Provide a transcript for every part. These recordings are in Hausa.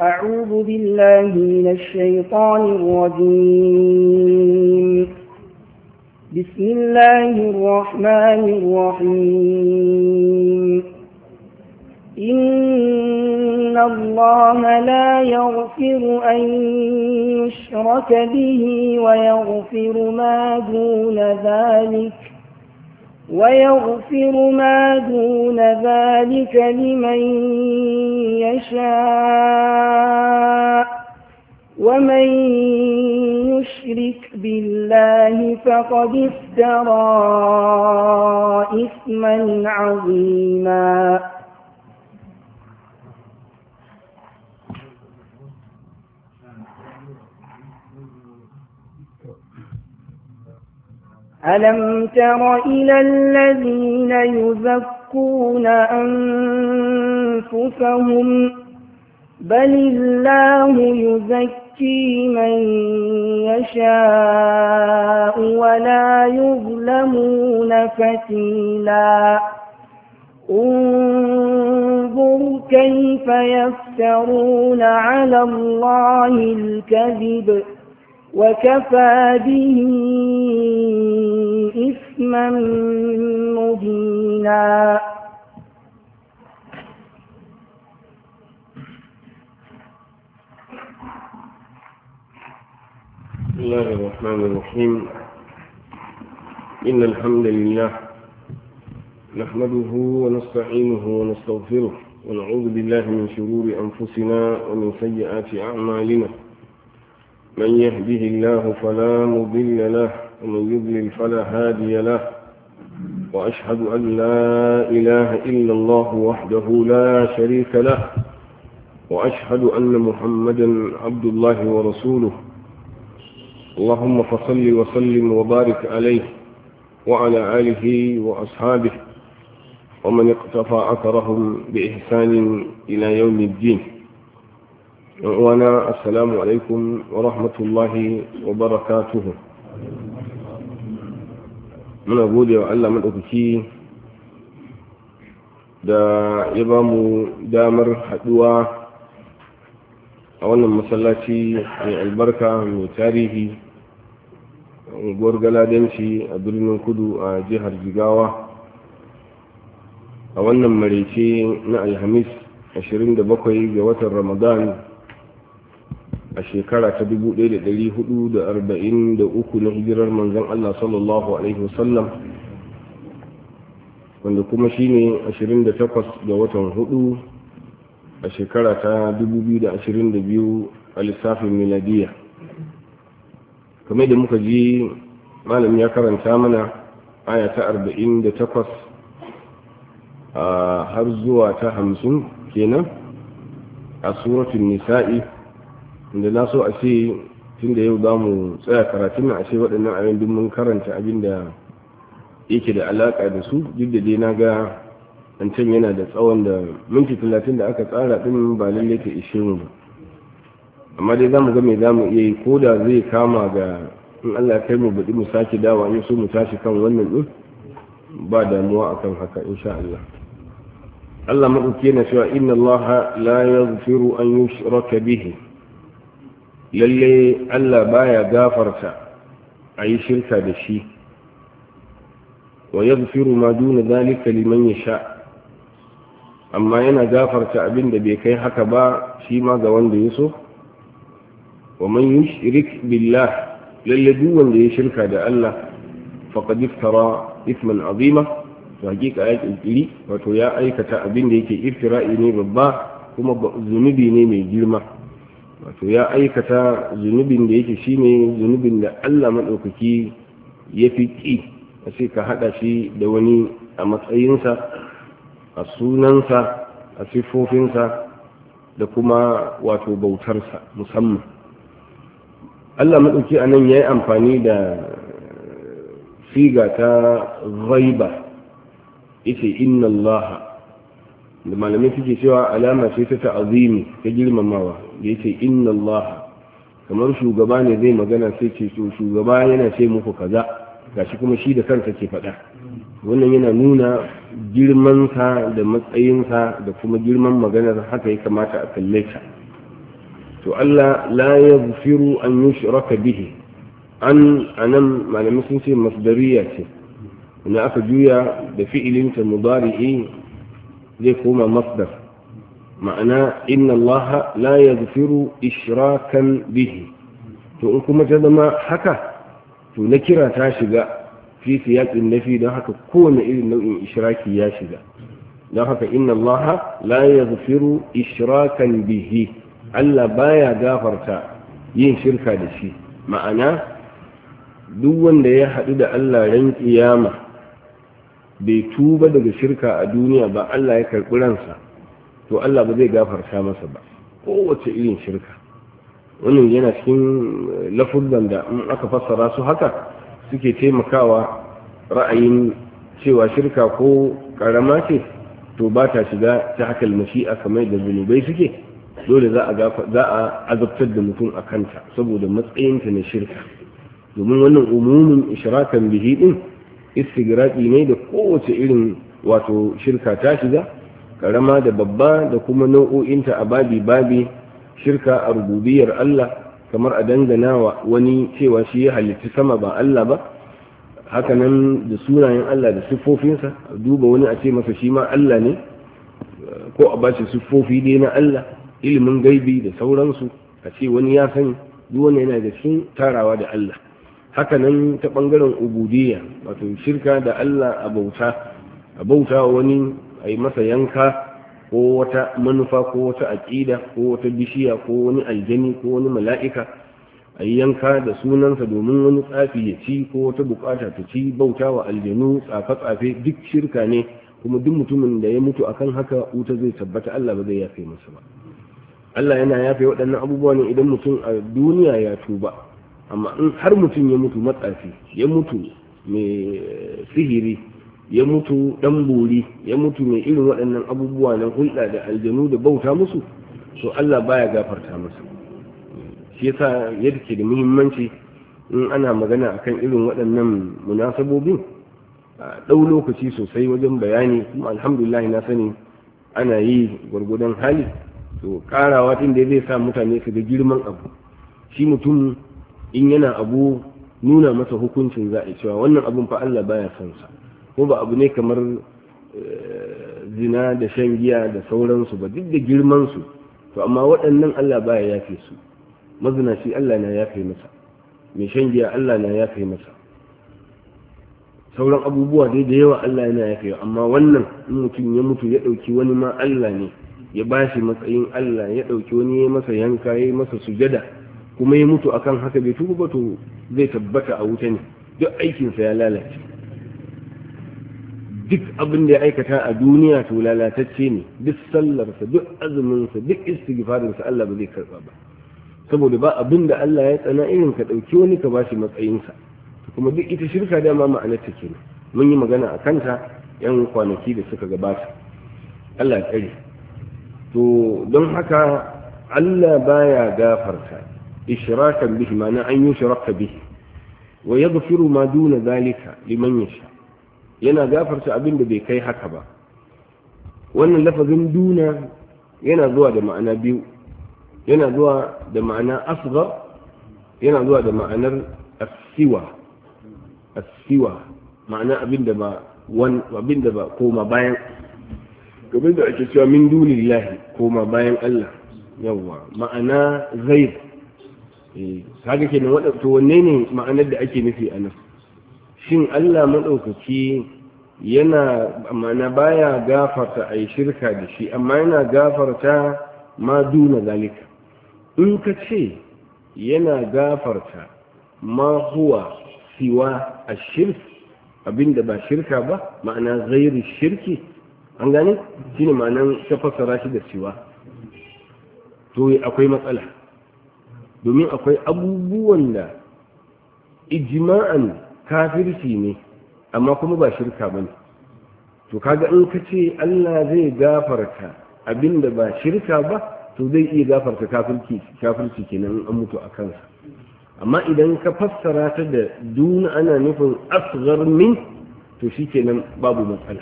أعوذ بالله من الشيطان الرجيم بسم الله الرحمن الرحيم إن الله لا يغفر أن يشرك به ويغفر ما دون ذلك ويغفر ما دون ذلك لمن يشاء ومن يشرك بالله فقد افترى إثما عظيما ألم تر إلى الذين يزكون أنفسهم بل الله يزكي من يشاء ولا يظلمون فتيلا انظر كيف يفترون على الله الكذب وكفى به إثما مبينا بسم الله الرحمن الرحيم إن الحمد لله نحمده ونستعينه ونستغفره ونعوذ بالله من شرور أنفسنا ومن سيئات أعمالنا من يهده الله فلا مضل له ومن يضلل فلا هادي له وأشهد أن لا إله إلا الله وحده لا شريك له وأشهد أن محمدا عبد الله ورسوله اللهم فصل وسلم وبارك عليه وعلى آله وأصحابه ومن اقتفى أثرهم بإحسان إلى يوم الدين وانا السلام عليكم ورحمة الله وبركاته من أقول يا الله من أبكي دا يبام دامر حدوى أولا مسلاتي البركة من تاريخي unguwar galadanci a birnin kudu a jihar jigawa a wannan marece na alhamis 27 ga watan ramadan a shekara ta 1443 na hijirar manzon Allah sallallahu alaihi wasallam wanda kuma shi shine 28 ga watan hudu a shekara ta 2022 a lissafin miladiya kamar da muka ji malam ya karanta mana aya ta 48 har zuwa ta 50 kenan a suratun nisa'i inda na so a ce tun da yau za mu tsaya karatun na a ce waɗannan abin duk mun karanta abin da yake da alaƙa da su duk da dai na ga an can yana da tsawon da minti talatin da aka tsara ɗin ba lalle ka ishe mu ba amma dai za mu ga mai za mu iya yi ko da zai kama ga in Allah kai mu baɗi mu sake dawa in so mu tashi kan wannan ɗin ba damuwa akan haka insha Allah Allah maɗauki yana cewa inna Allah la yaghfiru an yushraka bihi lalle Allah baya gafarta a yi shirka da shi wa ya ma duna zalika liman ya sha amma yana gafarta abinda bai kai haka ba shi ma ga wanda ya so wa man yushrik billah lalle duk wanda ya shirka da Allah faqad iftara ithman azima to hakika ya kirkiri wato ya aikata abinda yake iftira'i ne babba kuma zunubi ne mai girma wato ya aikata zunubin da yake ne zunubin da Allah maɗaukaki ya fi ƙi a sai ka haɗa shi da wani a matsayinsa a sunansa a siffofinsa da kuma wato bautarsa musamman Allah maɗauki a nan ya yi amfani da siga ta raiba ita inna Allah da malamai suke cewa alama ce ta ta'azimi ta girmamawa da yace inna allaha kamar shugaba ne zai magana sai ce to shugaba yana ce muku kaza gashi kuma shi da kansa ke faɗa wannan yana nuna girmansa da matsayinsa da kuma girman maganar haka ya kamata a kalle ta to Allah la yaghfiru an yushraka bihi an anan malamin sun ce masdariya ce ina aka juya da fi'ilinta mudari'i zai koma masdar ma'ana inna allaha la yaghfiru ishrakan bihi to in kuma ta zama haka to na kira ta shiga fi na nafi don haka kowane irin nau'in ishraki ya shiga don haka inna allaha la yaghfiru ishrakan bihi Allah baya gafarta yin shirka da shi ma'ana duk wanda ya haɗu da Allah ran kiyama bai tuba daga shirka a duniya ba Allah ya karɓi ransa to Allah ba zai gafarta masa ba kowace irin shirka wannan yana cikin eh, lafuzan da in aka fassara su haka suke taimakawa ra'ayin cewa shirka ko karama ce to ba ta shiga ta hakal a kamar da zunubai suke dole za a azabtar da mutum a kanta saboda matsayinta na shirka domin wannan umumin ishirakan bihi din istigraqi ne da kowace irin wato shirka ta shiga karama da babba da kuma nau'o'inta a babi babi shirka a rububiyar Allah kamar a dangana wa wani cewa shi ya halitta sama ba Allah ba hakanan da sunayen Allah da siffofinsa duba wani a ce masa shi ma Allah ne ko a bashi siffofi dai na Allah ilimin gaibi da sauransu a ce wani ya sani duk wani yana da sun tarawa da Allah hakanan ta bangaren ubudiyya wato shirka da Allah a bauta a bauta wani a yi masa yanka ko wata manufa ko wata aƙida ko wata bishiya ko wani aljani ko wani mala'ika a yanka da sunansa domin wani tsafi ya ci ko wata bukata ta ci bauta wa aljanu tsafe-tsafe duk shirka ne kuma duk mutumin da ya mutu akan haka wuta zai tabbata Allah ba zai yafe masa ba Allah yana yafe waɗannan abubuwa ne idan mutum a duniya ya tuba amma in har mutum ya mutu matsafi ya mutu mai sihiri ya mutu dan buri ya mutu mai irin waɗannan abubuwa na hulɗa da aljanu da bauta musu to Allah baya gafarta musu shi yasa yadda ke da muhimmanci in ana magana akan irin waɗannan munasabobin a ɗau lokaci sosai wajen bayani kuma alhamdulillah na sani ana yi gwargwadon hali to karawa tun da zai sa mutane su ga girman abu shi mutum in yana abu nuna masa hukuncin za a cewa wannan abun fa Allah baya son sa ko ba abu ne kamar eh, zina da shan giya da sauransu ba duk da girmansu to amma waɗannan Allah baya yafe su shi Allah na yafe masa mai shan giya Allah na yafe masa sauran abubuwa dai da yawa Allah yana yafe amma wannan in mutum ya mutu ya ɗauki wani ma Allah ne ya ba shi matsayin Allah ya ɗauki wani ya masa yanka ya masa sujada kuma ya mutu akan haka bai tuba to zai tabbata a wuta ne duk aikinsa ya lalace duk abin da ya aikata a duniya to lalatacce ne duk sallarsa duk azuminsa duk istighfarinsa Allah ba zai karba ba saboda ba abin da Allah ya tsana irin ka dauki wani ka bashi matsayinsa kuma duk ita shirka dama ma'anarta ke mun yi magana a kanta yan kwanaki da suka gabata Allah tsare to don haka Allah baya gafarta ishrakan bihi ma'ana an yushraka bihi wa yaghfiru ma duna zalika liman yasha yana gafarta abin da bai kai haka ba wannan lafazin duna yana zuwa da ma'ana biyu yana zuwa da ma'ana asuwa yana zuwa da ma'anar asiwa asiwa ma'ana abin da ba wan abin da ba koma bayan gabin da ake cewa min lillahi, koma bayan Allah yawa ma'ana zai eh kaga kenan wadda to wanne ne ma'anar da ake nufi a nan shin Allah maɗaukaki yana mana baya gafarta a yi shirka da shi amma yana gafarta ma duna zalika in ka ce yana gafarta ma huwa siwa a shirk abinda ba shirka ba ma'ana zairi shirki an gane shi ne ma'anan ta shi da siwa to akwai matsala domin akwai abubuwan da ijima'an kafirci ne amma kuma ba shirka ba ne to kaga in ka ce allah zai gafarta abinda ba shirka ba to zai iya gafarta kafirci kenan an mutu a kansa amma idan ka fassara ta da juna ana nufin asghar min to shikenan babu matsala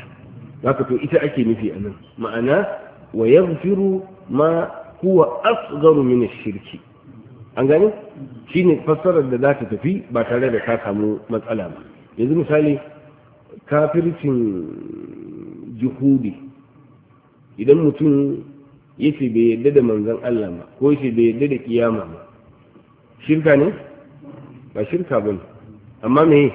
haka to ita ake nufi anan ma'ana wa yaghfiru ma huwa asghar min shirki an shi ne fassarar da za ta tafi ba tare da ka samu matsala ba yanzu misali kafircin jihudi idan mutum ya ce bai yadda da manzan Allah ba ko ce bai yadda da kiyama ba shirka ne ba shirka ne amma me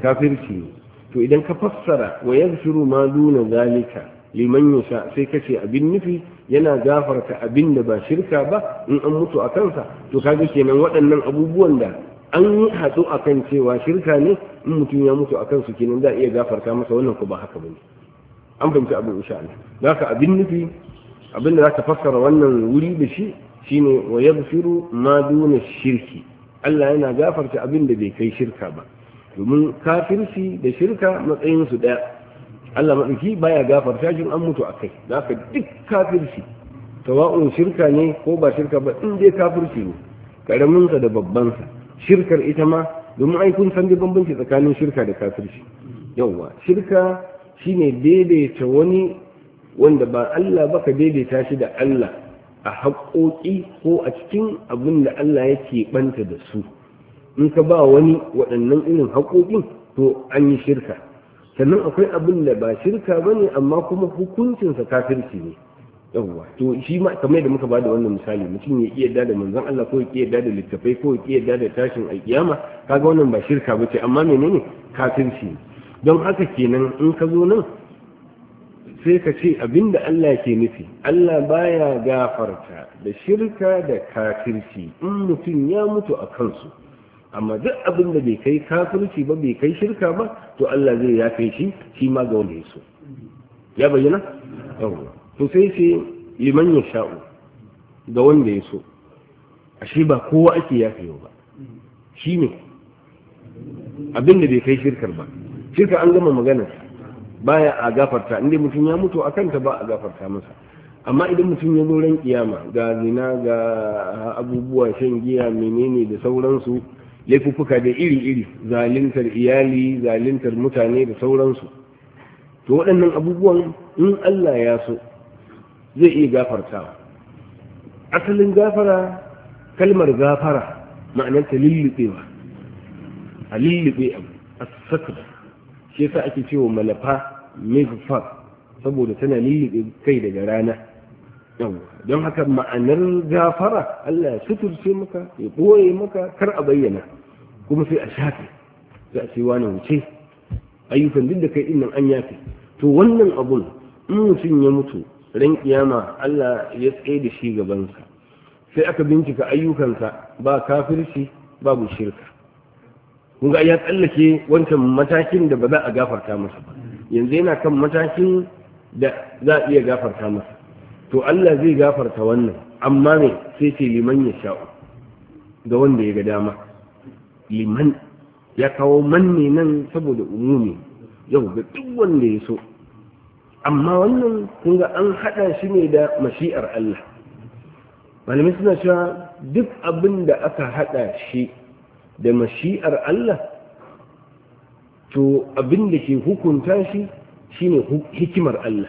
kafirci ne to idan ka fassara wa shiru ma duna zalika liman yasha sai kace abin nufi yana gafarta abin da ba shirka ba in an mutu a kansa to kaga kenan waɗannan abubuwan da an yi hatsu kan cewa shirka ne in mutum ya mutu a kansu kenan za a iya gafarta masa wannan ko ba haka bane an fahimci abin insha Allah ka abin nufi abin da za ka fassara wannan wuri da shi shine wa yaghfiru ma duna shirki Allah yana gafarta abin da bai kai shirka ba domin kafirci da shirka matsayin su daya Allah maɗauki baya gafar tashin an mutu a kai da aka duk kafirci tawa'un shirka ne ko ba shirka ba in dai kafirci ne karaminsa da babbansa shirkar ita ma domin ai kun san bambanci tsakanin shirka da kafirci yawa shirka shine daidaita wani wanda ba Allah ba ka daidaita shi da Allah a haƙoƙi ko a cikin abin da Allah yake ɓanta da su in ka ba wani waɗannan irin haƙoƙin to an yi shirka sannan akwai abin da ba shirka ba ne amma kuma hukuncinsa kafirci ne yawwa to shi ma kamar da muka bada wannan misali mutum ya iya da manzon Allah ko ya iya da littafai ko ya iya da tashin alkiyama kaga wannan ba shirka bace amma menene kafirci ne don haka kenan in ka zo nan sai ka ce abinda Allah ke nufi Allah baya gafarta da shirka da kafirci in mutum ya mutu a kansu amma duk abin da bai kai kafirci ba bai kai shirka ba to Allah zai ya shi shi ma ga wanda ya so ya bayyana yawa to sai sai liman ya sha'u ga wanda ya so ashe ba kowa ake yafewa ba shi ne abin da bai kai shirkar ba shirka an gama magana baya a gafarta inda mutum ya mutu a ta ba a gafarta masa amma idan mutum ya zo ran kiyama ga zina ga abubuwa shan giya menene da sauransu laifuffuka da iri-iri zalintar iyali zalintar mutane da sauransu to waɗannan abubuwan in Allah ya so zai iya gafartawa asalin gafara kalmar gafara ma'anarta lullubewa a lullube abu a sakra shi yasa ake cewa malafa mizfar saboda tana lullube kai daga rana don haka ma'anar gafara Allah ya suturce maka ya ɓoye maka kar a bayyana kuma sai a shafe za a cewa na wuce ayyukan duk da kai innan an yafi, to wannan abun in mutum ya mutu ran kiyama Allah ya tsaye da shi gabansa sai aka bincika ayyukansa ba kafirci ba shirka kun ga ya tsallake wancan matakin da ba za a gafarta masa ba yanzu yana kan matakin da za a iya gafarta masa to Allah zai gafarta wannan amma ne sai ce liman ya sha'u ga wanda ya ga dama liman ya kawo manne nan saboda umumi yau ga duk wanda ya so amma wannan kun ga an haɗa shi ne da mashi'ar Allah malamai suna cewa duk abin da aka haɗa shi da mashi'ar Allah to abin da ke hukunta shi shine hikimar Allah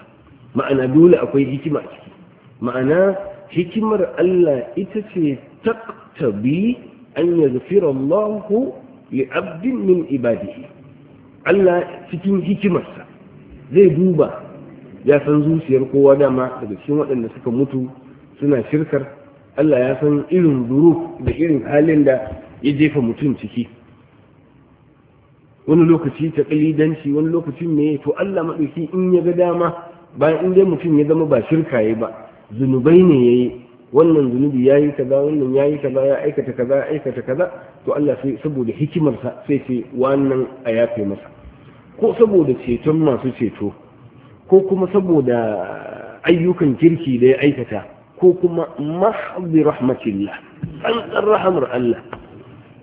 ma'ana dole akwai hikima ce ma'ana hikimar Allah ita ce taktabi an yaghfira Allahu li abdin min ibadihi Allah cikin hikimarsa zai duba ya san zuciyar kowa dama daga cikin waɗanda suka mutu suna shirkar Allah ya san irin duru da irin halin da ya jefa mutum ciki wani lokaci ta kalidanci wani lokacin ne to Allah maɗauki in ya ga dama bayan in dai mutum ya zama ba shirka ya ba zunubai ne ya yi. wannan zunubi ya yi kaza wannan ya yi kaza ya aikata kaza ya aikata kaza to Allah sai saboda hikimarsa sai ce wannan a yafe masa ko saboda ceton masu ceto ko kuma saboda ayyukan kirki da ya aikata ko kuma mahdi rahmatillah tsantsar rahamar Allah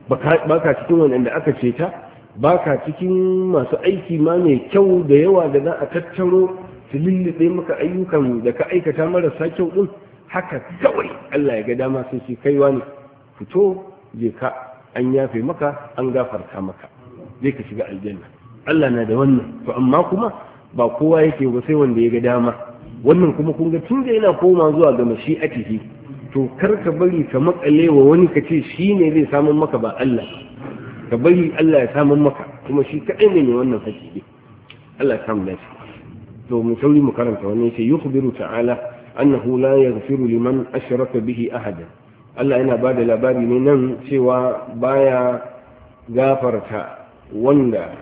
baka cikin wanda aka ceta baka cikin masu aiki ma mai kyau da yawa da za a tattaro su lullube maka ayyukan da ka aikata marasa kyau din haka kawai Allah ya ga dama sai shi kaiwa ne fito je ka an yafe maka an gafarta maka zai ka shiga aljanna Allah na da wannan to amma kuma ba kowa yake ba sai wanda ya ga dama wannan kuma kun ga tun da yana koma zuwa ga mashi'atihi to kar ka bari ka makale wa wani ka ce shi ne zai samun maka ba Allah ka bari Allah ya samun maka kuma shi kaɗai ne wannan hakiki Allah ya samu lafiya to mu sauri mu karanta wani yace yukhbiru ta'ala annahu la yaghfiru liman ashraka bihi ahada Allah yana ba da labari ne nan cewa baya gafarta wanda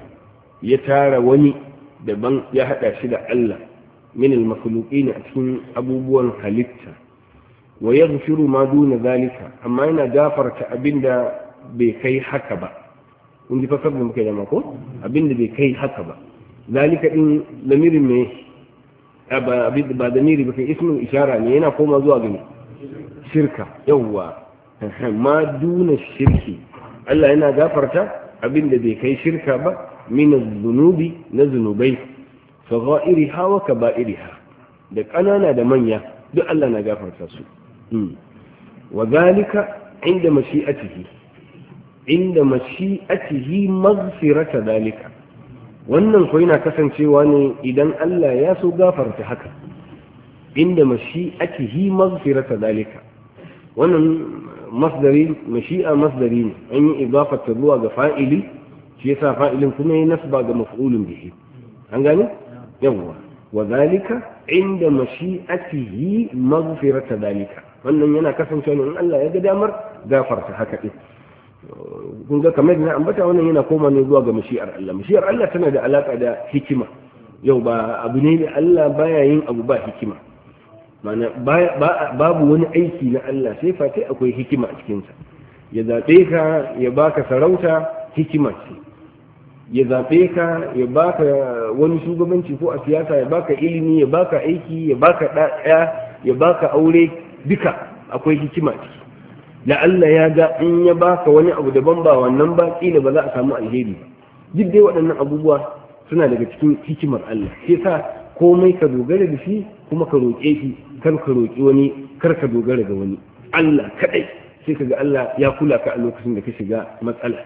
ya tara wani daban ya hada shi da Allah min al-makhluqin a cikin abubuwan halitta wa yaghfiru ma duna zalika amma yana gafarta abinda bai kai haka ba kun ji fasar da muke da mako abinda bai kai haka ba zalika din lamirin ba damiri ba kai ismin ishara ne yana koma zuwa gani shirka yawwa ma duna shirki Allah yana gafarta abin da bai kai shirka ba min zunubi na zunubai sagha'iriha wa kaba'iriha da ƙanana da manya duk Allah na gafarta su wa zalika inda mashi'atihi inda mashi'atihi maghfirata zalika wannan ko yana kasancewa ne idan Allah ya so gafarta haka inda mashi ake hi maghfirata dalika wannan masdari a masdari ne an yi idafata zuwa ga fa'ili shi yasa fa'ilin kuma ya nasba ga maf'ulun bihi an gane yawwa wa dalika inda ake mashi'atihi maghfirata dalika wannan yana kasancewa ne in Allah ya ga damar gafarta haka din kun ga kamar na ambata wannan yana koma ne zuwa ga mashi'ar Allah mashi'ar Allah tana da alaka da hikima yau ba abu ne da Allah baya yin abu ba hikima mana babu wani aiki na Allah sai fatai akwai hikima a cikinsa ya zaɓe ka ya baka sarauta hikima ce ya zaɓe ka ya baka wani shugabanci ko a siyasa ya baka ilimi ya baka aiki ya baka ɗaya ya baka aure duka akwai hikima ce da Allah ya ga in ya baka wani abu daban ba wannan ba kila ba za a samu alheri ba duk dai waɗannan abubuwa suna daga cikin hikimar Allah sai sa komai ka dogara da shi kuma ka roƙe shi kar ka roƙi wani kar ka dogara ga wani Allah kaɗai sai ka ga Allah ya kula ka a lokacin da ka shiga matsala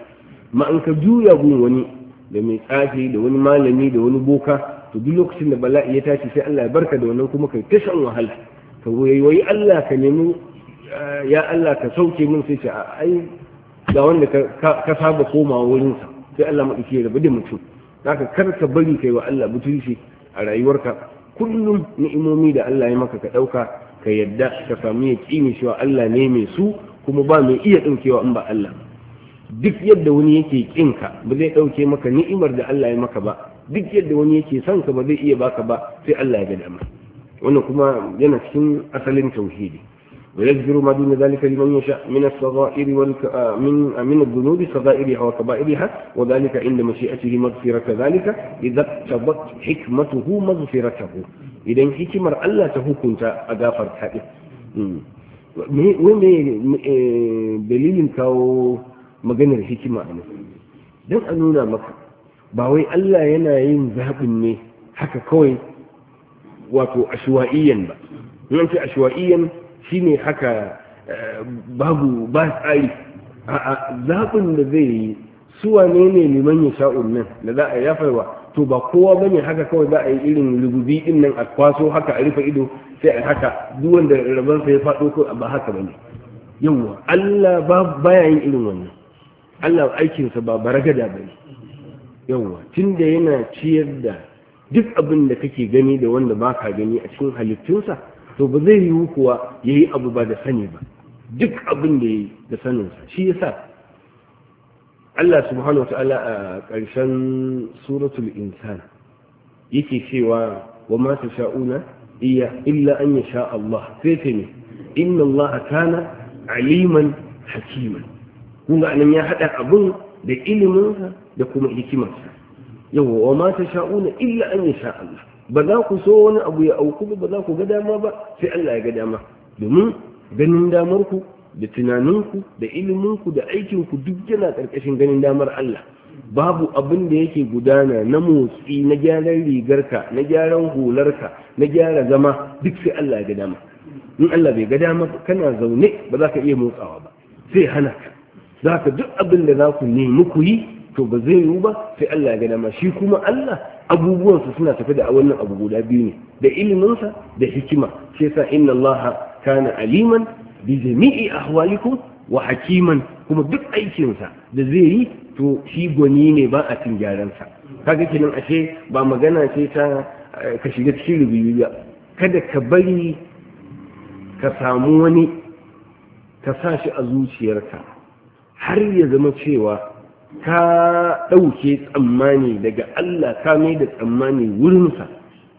ma an ka juya gun wani da mai tsafi da wani malami da wani boka to duk lokacin da bala'i ya tashi sai Allah ya barka da wannan kuma kai ta shan wahala ka goyi Allah ka nemi ya Allah ka sauke min sai ce ai ga wanda ka saba komawa wurinsa sai Allah mu dike rabu da mutum zaka kar ka bari kai wa Allah butulci a rayuwarka kullum ni'imomi da Allah ya maka ka ɗauka ka yadda ka samu ya shi wa Allah ne mai su kuma ba mai iya ɗaukewa in ba Allah duk yadda wani yake kin ka ba zai ɗauke maka ni'imar da Allah ya maka ba duk yadda wani yake son ka ba zai iya baka ba sai Allah ya ga dama wannan kuma yana cikin asalin tauhidi ويجبر ما دون ذلك لمن يشاء من الصغائر والك... آه، من آه، من الذنوب صغائرها وكبائرها وذلك عند مشيئته مغفرة ذلك إذا اقتضت حكمته مغفرته إذا حكمة ألا تهكنت أغافر هذه ومي آه، دليل كاو maganar الحكمة a nan don a nuna maka ba wai Allah yana yin كوي ne عشوائيا kawai Shi ne haka eh, babu ba tsari a zaɓin da zai yi suwa ne ne liman ya sha nan da za a yafaiwa to ba kowa bane haka kawai za a yi irin rububi din nan a kwaso haka a rufe ido sai a haka duwan da rabar ya faɗo ko ba haka bane yawwa Allah ba ya yin irin wannan Allah aikinsa ba baragada bane yawwa tunda yana ciyar da duk abin da kake gani da wanda baka gani a cikin halittunsa to ba zai yiwu kuwa ya yi abu ba da sani ba duk abin da ya yi da saninsa shi sa Allah subhanahu wa ta'ala a ƙarshen suratul insan yake cewa wa ma sha'una iya illa an yasha Allah sai ta ne inna Allah kana aliman hakiman kun ga nan ya hada abun da iliminsa da kuma hikimarsa yawa wa ma sha'una illa an yasha Allah ba za ku so wani abu ya auku ba za ku ga dama ba sai Allah ya ga dama domin ganin damar ku da tunaninku da iliminku da aikinku duk yana karkashin ganin damar Allah babu abin da yake gudana na motsi na gyaran rigarka na gyaran hularka na gyara zama duk sai Allah ya ga dama in Allah bai ga dama kana zaune ba za ka iya motsawa ba sai hana ka za ka duk abin da za ku nemi ku yi to ba zai yiwu ba sai Allah ya dama shi kuma Allah abubuwansa suna tafi da wannan abu guda biyu ne da iliminsa da hikima sai sa inna Allah kana aliman bi jami'i ahwalikum wa hakiman kuma duk aikinsa da zai yi to shi goni ne ba a cin sa kaga kenan ashe ba magana ce ta eh, ka shiga cikin rubuyu kada ka bari ka samu wani ka sa shi a zuciyarka har ya zama cewa ka ɗauke tsammani daga Allah ka mai da tsammani wurinsa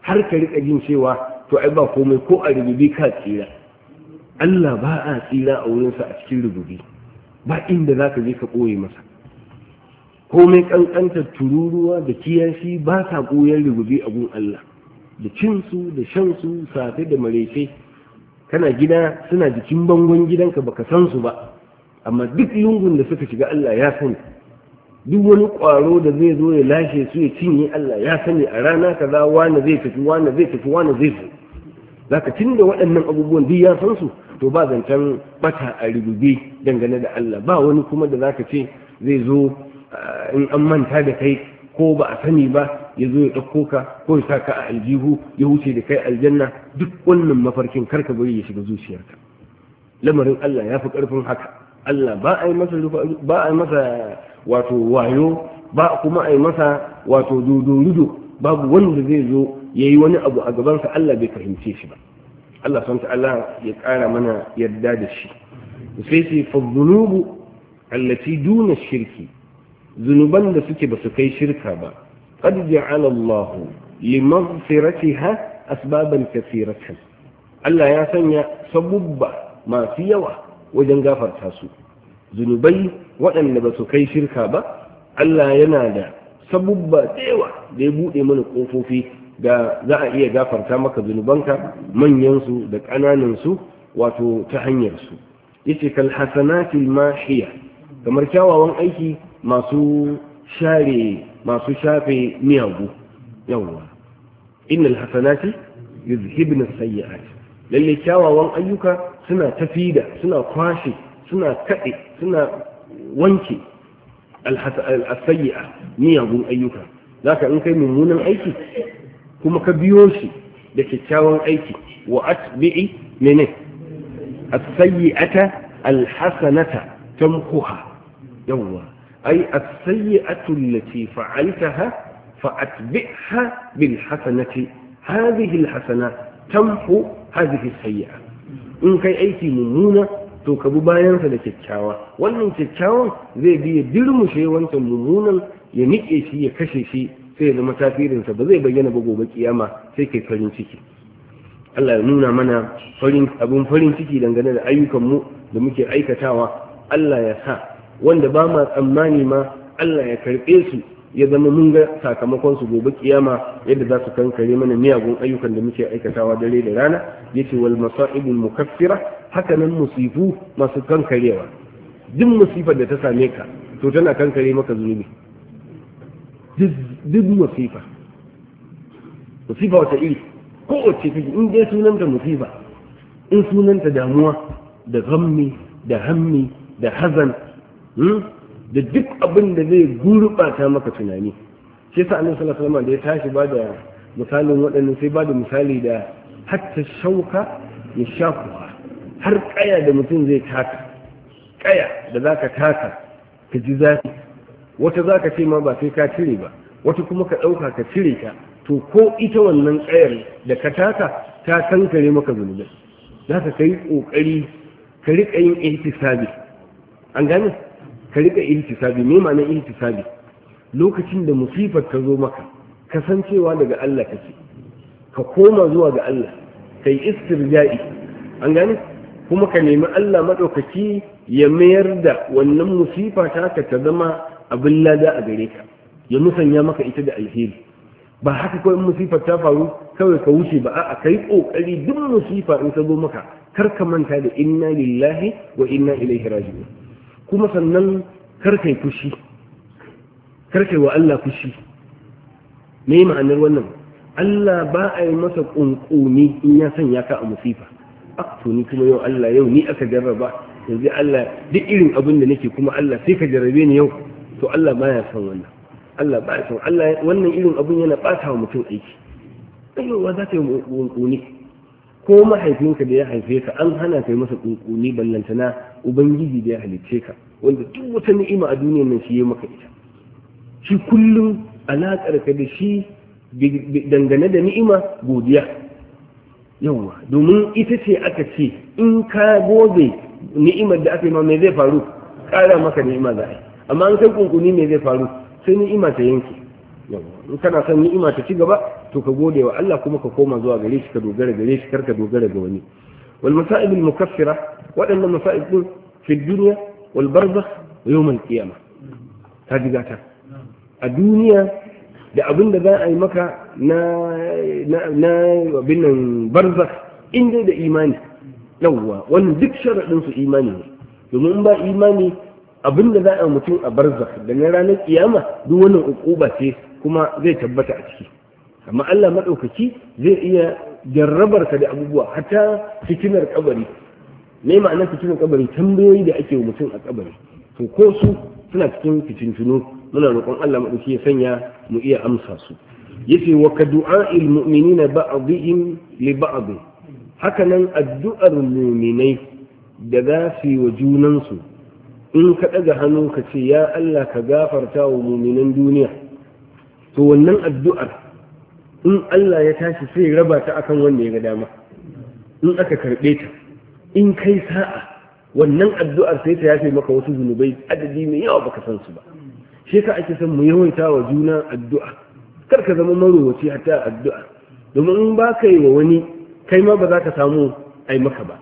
har ka riƙa jin cewa to ai ba komai ko a rububi ka tsira Allah ba a tsira a wurinsa a cikin rububi ba inda za ka je ka ɓoye masa komai ƙanƙantar tururuwa da kiyashi ba sa ɓoyen rububi a gun Allah da cinsu da shansu safe da marece kana gida suna jikin bangon gidanka baka san su ba amma duk lungun da suka shiga Allah ya sani duk wani ƙwaro da zai zo ya lashe su ya cinye Allah ya sani a rana kaza wani zai tafi wani zai tafi wani zai tafi zaka tun da waɗannan abubuwan duk ya san su to ba zancen bata a rigube dangane da Allah ba wani kuma da zaka ce zai zo eh, in an manta da kai ko ba a sani ba ya zo ya ɗauko ka ko ya sa ka a aljihu ya wuce da kai aljanna duk wannan mafarkin karka bari ya shiga zuciyarka lamarin Allah ya fi ƙarfin haka Allah ba a yi masa wato wayo ba kuma a yi masa wato dodo babu wanda zai zo ya yi wani abu a gabansa Allah bai fahimce shi ba Allah san ta'ala ya ƙara mana yarda da shi sai sai fadzunubu allati duna shirki zunuban da suke ba su kai shirka ba qad ja'ala Allah limaghfiratiha asbaban kathiratan Allah ya sanya sabubba masu yawa wajen gafarta su zunubai waɗanda ba su kai shirka ba Allah yana da sabubba tsewa da ya buɗe mana ƙofofi da za a iya gafarta maka zunubanka manyansu da ƙananansu wato ta hanyarsu yace kal hasanatil mahiya kamar kyawawan aiki masu share masu shafe miyagu yawwa innal hasanati yuzhibna sayyi'at lalle kyawawan ayyuka suna tafida suna kwashe ثم تأتي ثم وانكي السيئة مية ظن أيها لك أنك ممونا أيكي كما كبيوشي لكتاوان أيتي وأتبعي منه السيئة الحسنة تمقها يوه أي السيئة التي فعلتها فأتبعها بالحسنة هذه الحسنة تمحو هذه السيئة إن كي أيتي ممونة to ka bi bayansa da kyakkyawa wannan kyakkyawan zai biya dirmushe wancan mummunan ya niƙe shi ya kashe shi sai ya zama tafirinsa. ba zai bayyana ba gobe kiyama sai kai farin ciki Allah ya nuna mana farin abin farin ciki dangane da ayyukanmu da muke aikatawa Allah ya sa wanda ba ma tsammani ma Allah ya karɓe su ya zama mun ga sakamakon su gobe kiyama yadda za su kankare mana miyagun ayyukan da muke aikatawa dare da rana yace wal masaibul mukaffira haka nan musifu masu kankarewa duk musifar da ta same ka to tana kankare maka zunubi duk musifa musifa wata iri kowace take in dai sunanta musifa in sunanta damuwa da gammi da hammi da hazan hmm? da duk abin da zai gurɓata maka tunani shi sa annabi sallallahu alaihi da ya tashi ba da misalin waɗannan sai ba da misali da hatta shauka ya shafuwa har ƙaya da mutum zai taka ƙaya da zaka taka ka ji zafi wata zaka ce ma ba sai ka cire ba wata kuma ka ɗauka ka cire ta to ko ita wannan ƙayar da ka taka ta kankare maka zunubai za ka kai ƙoƙari ka riƙa yin ihtisabi an gane ka rika ihtisabi me ma'anar ihtisabi lokacin da musifar ta zo maka kasancewa daga Allah kake ka koma zuwa ga Allah kai istirja'i an gane kuma ka nemi Allah madaukaki ya mayar da wannan musifa ta ka ta zama abin lada a gare ka ya musanya maka ita da alheri ba haka kawai musifar ta faru kawai ka wuce ba a'a kai kokari duk musifa in ta zo maka kar ka manta da inna lillahi wa inna ilaihi raji'un kuma sannan karkai fushi karkai wa Allah fushi me ma'anar wannan Allah ba a yi masa kunkuni in ya sanya ka a musifa ah, to ni kuma yau Allah yau ni aka jarraba yanzu Allah duk irin abin da nake kuma Allah sai ka jarrabe ni yau to Allah ba ya son wannan Allah baya son Allah wannan irin abin yana ɓata wa mutum aiki ayo wa za ta yi kunkuni ko mahaifinka da ya haife ka an hana kai masa kunkuni ballantana ubangiji da ya halicce ka wanda duk wata ni'ima a duniyar nan shi ya maka ita shi kullum alaƙar ka da shi dangane da ni'ima godiya Yawwa. domin ita ce aka ce in ka goge ni'imar da aka yi ma me zai faru ƙara maka ni'ima za a yi amma an kai kunkuni me zai faru sai ni'ima ta yanke yawwa in kana son ni'ima ta ci gaba to ka gode wa Allah kuma ka koma zuwa gare shi ka dogara gare shi karka dogara ga wani wal masa'ib al mukaffira waɗannan masa'ib din fi dunya wal barzakh wa yawm al qiyamah ta diga ta a duniya da abin da za a yi maka na na abin nan barzakh in dai da imani yawwa wannan duk sharadin su imani ne domin ba imani abin da za a mutum a barzakh da na ranar kiyama duk wannan ukuba ce kuma zai tabbata a ciki amma Allah maɗaukaki zai iya jarrabar ka da abubuwa hata fitinar kabari me ma'anar fitinar kabari tambayoyi da ake wa mutum a kabari to ko su suna cikin fitintunu muna roƙon Allah maɗauki ya sanya mu iya amsa su yace wa ka il mu'minina ba'dihim li ba'd haka nan addu'ar mu'minai da za su yi wa junansu in ka ɗaga hannu ka ce ya Allah ka gafarta wa mu'minan duniya to wannan addu'ar in Allah ya tashi sai raba ta akan wanda ya ga dama in aka karɓe ta in kai sa'a wannan addu'ar sai ta yafe maka wasu zunubai adadi mai yawa baka san su ba shi ka ake san mu yawaita wa juna addu'a kar ka zama marowaci hatta addu'a domin in ba ka yi wa wani kai ma ba za ka samu ai maka ba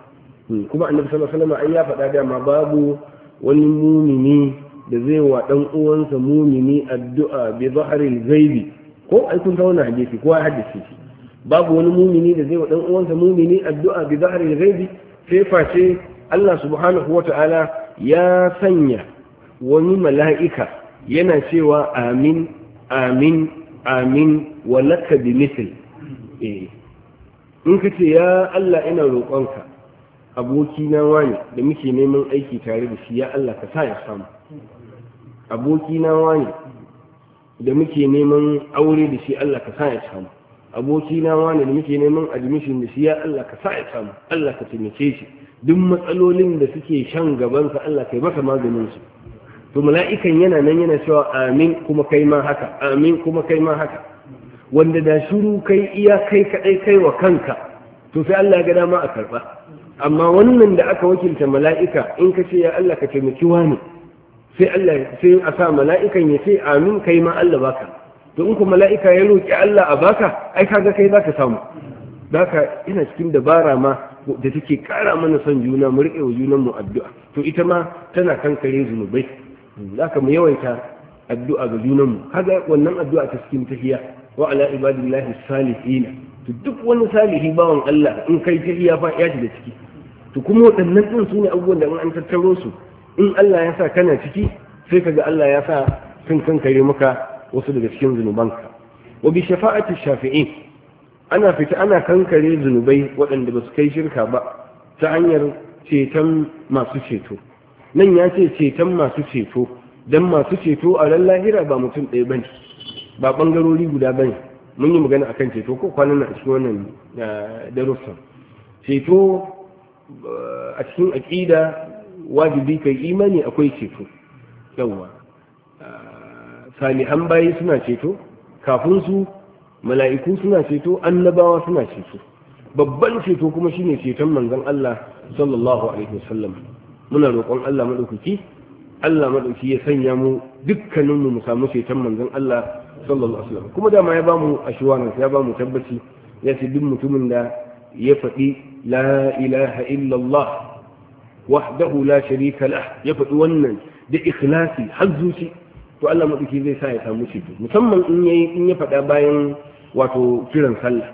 hmm, kuma annabi sallallahu alaihi wasallam ya faɗa da ma babu wani mumini da zai wa dan uwansa mumini addu'a bi zahril ghaibi ko ai kun ga wannan hadisi ko ai hadisi babu wani mumini da zai wa dan uwansa mumini addu'a bi zahri ghaibi sai face Allah subhanahu Ta'ala ya sanya wani mala'ika yana cewa amin amin amin wa laka bi misl eh. in ka ce ya Allah ina roƙonka aboki na wani da muke neman aiki tare da shi ya Allah ka sa ya samu aboki na wani da muke neman aure da shi Allah ka sa ya samu aboki na wani da muke neman admission da shi ya Allah ka sa ya samu Allah ka taimake shi duk matsalolin da suke shan gabansa Allah kai masa maganin su to mala'ikan yana nan yana cewa amin kuma kai ma haka amin kuma kai ma haka wanda da shiru kai iya kai kadai kai wa kanka to sai Allah ya ga dama a karba amma wannan da aka wakilta mala'ika in ka ce ya Allah ka taimaki wani sai Allah sai a sa mala'ikan ya ce amin kai ma Allah baka to in ku mala'ika ya roki Allah a baka ai kaga kai zaka samu baka ina cikin dabara ma da take kara mana son juna mu riƙe wa junan mu addu'a to ita ma tana kankare zunubai zaka mu yawaita addu'a ga junan mu kaga wannan addu'a ta cikin tahiya wa ala ibadillahi salihin to duk wani salihi bawan Allah in kai tahiya fa ya ci da ciki to kuma waɗannan din su abubuwan da an tattaro su in Allah ya sa kana ciki sai ka ga Allah ya sa kan kankare maka wasu daga cikin zunubanka wa bi shafa'ati shafi'i, ana fita ana kankare zunubai waɗanda ba su kai shirka ba ta hanyar ceton masu ceto nan ya ce ceton masu ceto dan masu ceto a ran lahira ba mutum ɗaya bane ba bangarori guda bane mun yi magana akan ceto ko kwanan na a cikin wannan eh, darussan ceto eh, a cikin aƙida wajibi kai imani akwai ceto yawwa ah, salihan bayi suna ceto kafin su mala'iku suna ceto annabawa suna ceto babban ceto kuma shine ceton manzon Allah sallallahu alaihi wasallam muna roƙon Allah madaukaki Allah madauki ya sanya mu dukkanin mu mu samu ceton manzon Allah sallallahu alaihi wasallam kuma dama ya bamu ashwaran ya bamu tabbaci ya ce duk mutumin da ya faɗi la ilaha illallah wahdahu la sharika lah ya faɗi wannan da ikhlasi har zuci to Allah madauki zai sa ya samu shi musamman in yayi in ya faɗa bayan wato kiran sallah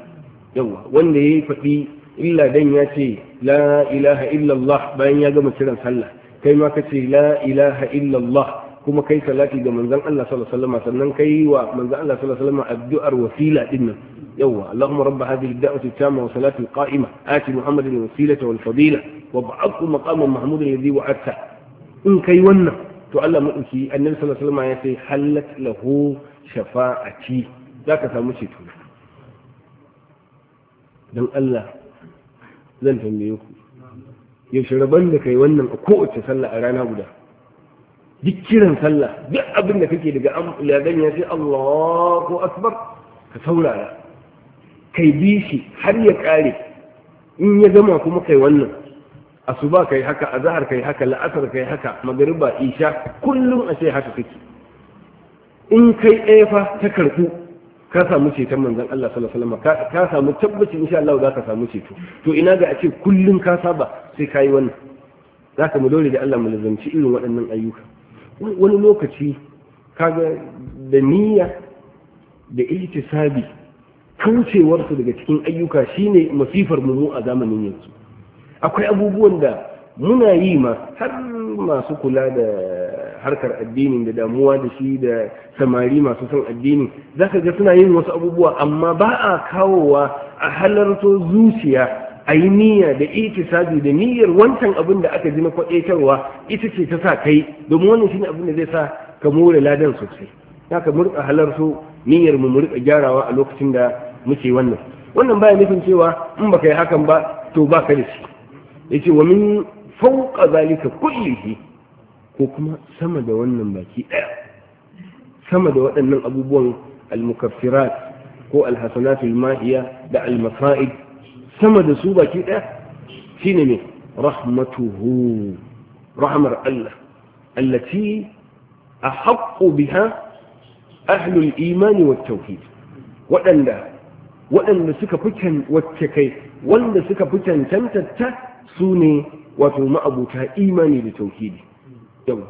yawa wanda yayi faɗi illa dan ya ce la ilaha illallah bayan ya gama kiran sallah kai ma ka ce la ilaha illallah kuma kai salati ga manzon Allah sallallahu alaihi wasallam sannan kai wa manzon Allah sallallahu alaihi wasallam addu'ar wasila dinnan يوم اللهم رب هذه الدعوة التامة وصلاة القائمة آت محمد الوسيلة والفضيلة وابعطه مقام محمود الذي وعدته إن كيونا تعلم أكي أن النبي صلى الله عليه وسلم يأتي حلت له شفاعتي ذاك فمشيت هنا لو ألا لن تنبيوكم يشربن لك يونا أكوت صلى على بدا ذكرا صلى بأبن فكي لك أم لا الله أكبر فثورا لا kai bi shi har ya kare in ya zama kuma kai wannan asuba kai haka azhar kai haka la'asar kai haka magriba isha kullum a sai haka kake in kai efa fa ta ka samu ceton manzon Allah sallallahu alaihi wasallam ka samu tabbaci insha Allah za ka samu ceto to ina ga a ce kullum ka saba sai kai wannan zaka mu dole da Allah mu lazanci irin waɗannan ayyuka wani lokaci kaga da niyya da ihtisabi kaucewarsu daga cikin ayyuka shine masifar mu a zamanin yanzu akwai abubuwan da muna yi ma har masu kula da harkar addinin da damuwa da shi da samari masu son addini za ka ga suna yin wasu abubuwa amma ba a kawowa a halarto zuciya a yi niyya da itisadi da niyyar wancan abin da aka ji na kwaɗetarwa ita ce ta sa kai domin wannan ne abin da zai sa ka more ladan sosai za ka murka halarto niyyar mu murka gyarawa a lokacin da muke wannan wannan baya nufin cewa in baka yi hakan ba to ba ka da shi yace wa min fawqa zalika kullihi ko kuma sama da wannan baki daya sama da waɗannan abubuwan al-mukaffirat ko al-hasanat al-mahiya da al-masa'id sama da su baki daya shine ne rahmatuhu rahmar Allah allati ahqqu biha ahlul iman wat tawhid waɗanda waɗanda suka fi wacce kai wanda suka fi cancanta ta su ne wato ma'abuta imani da tauhidi yau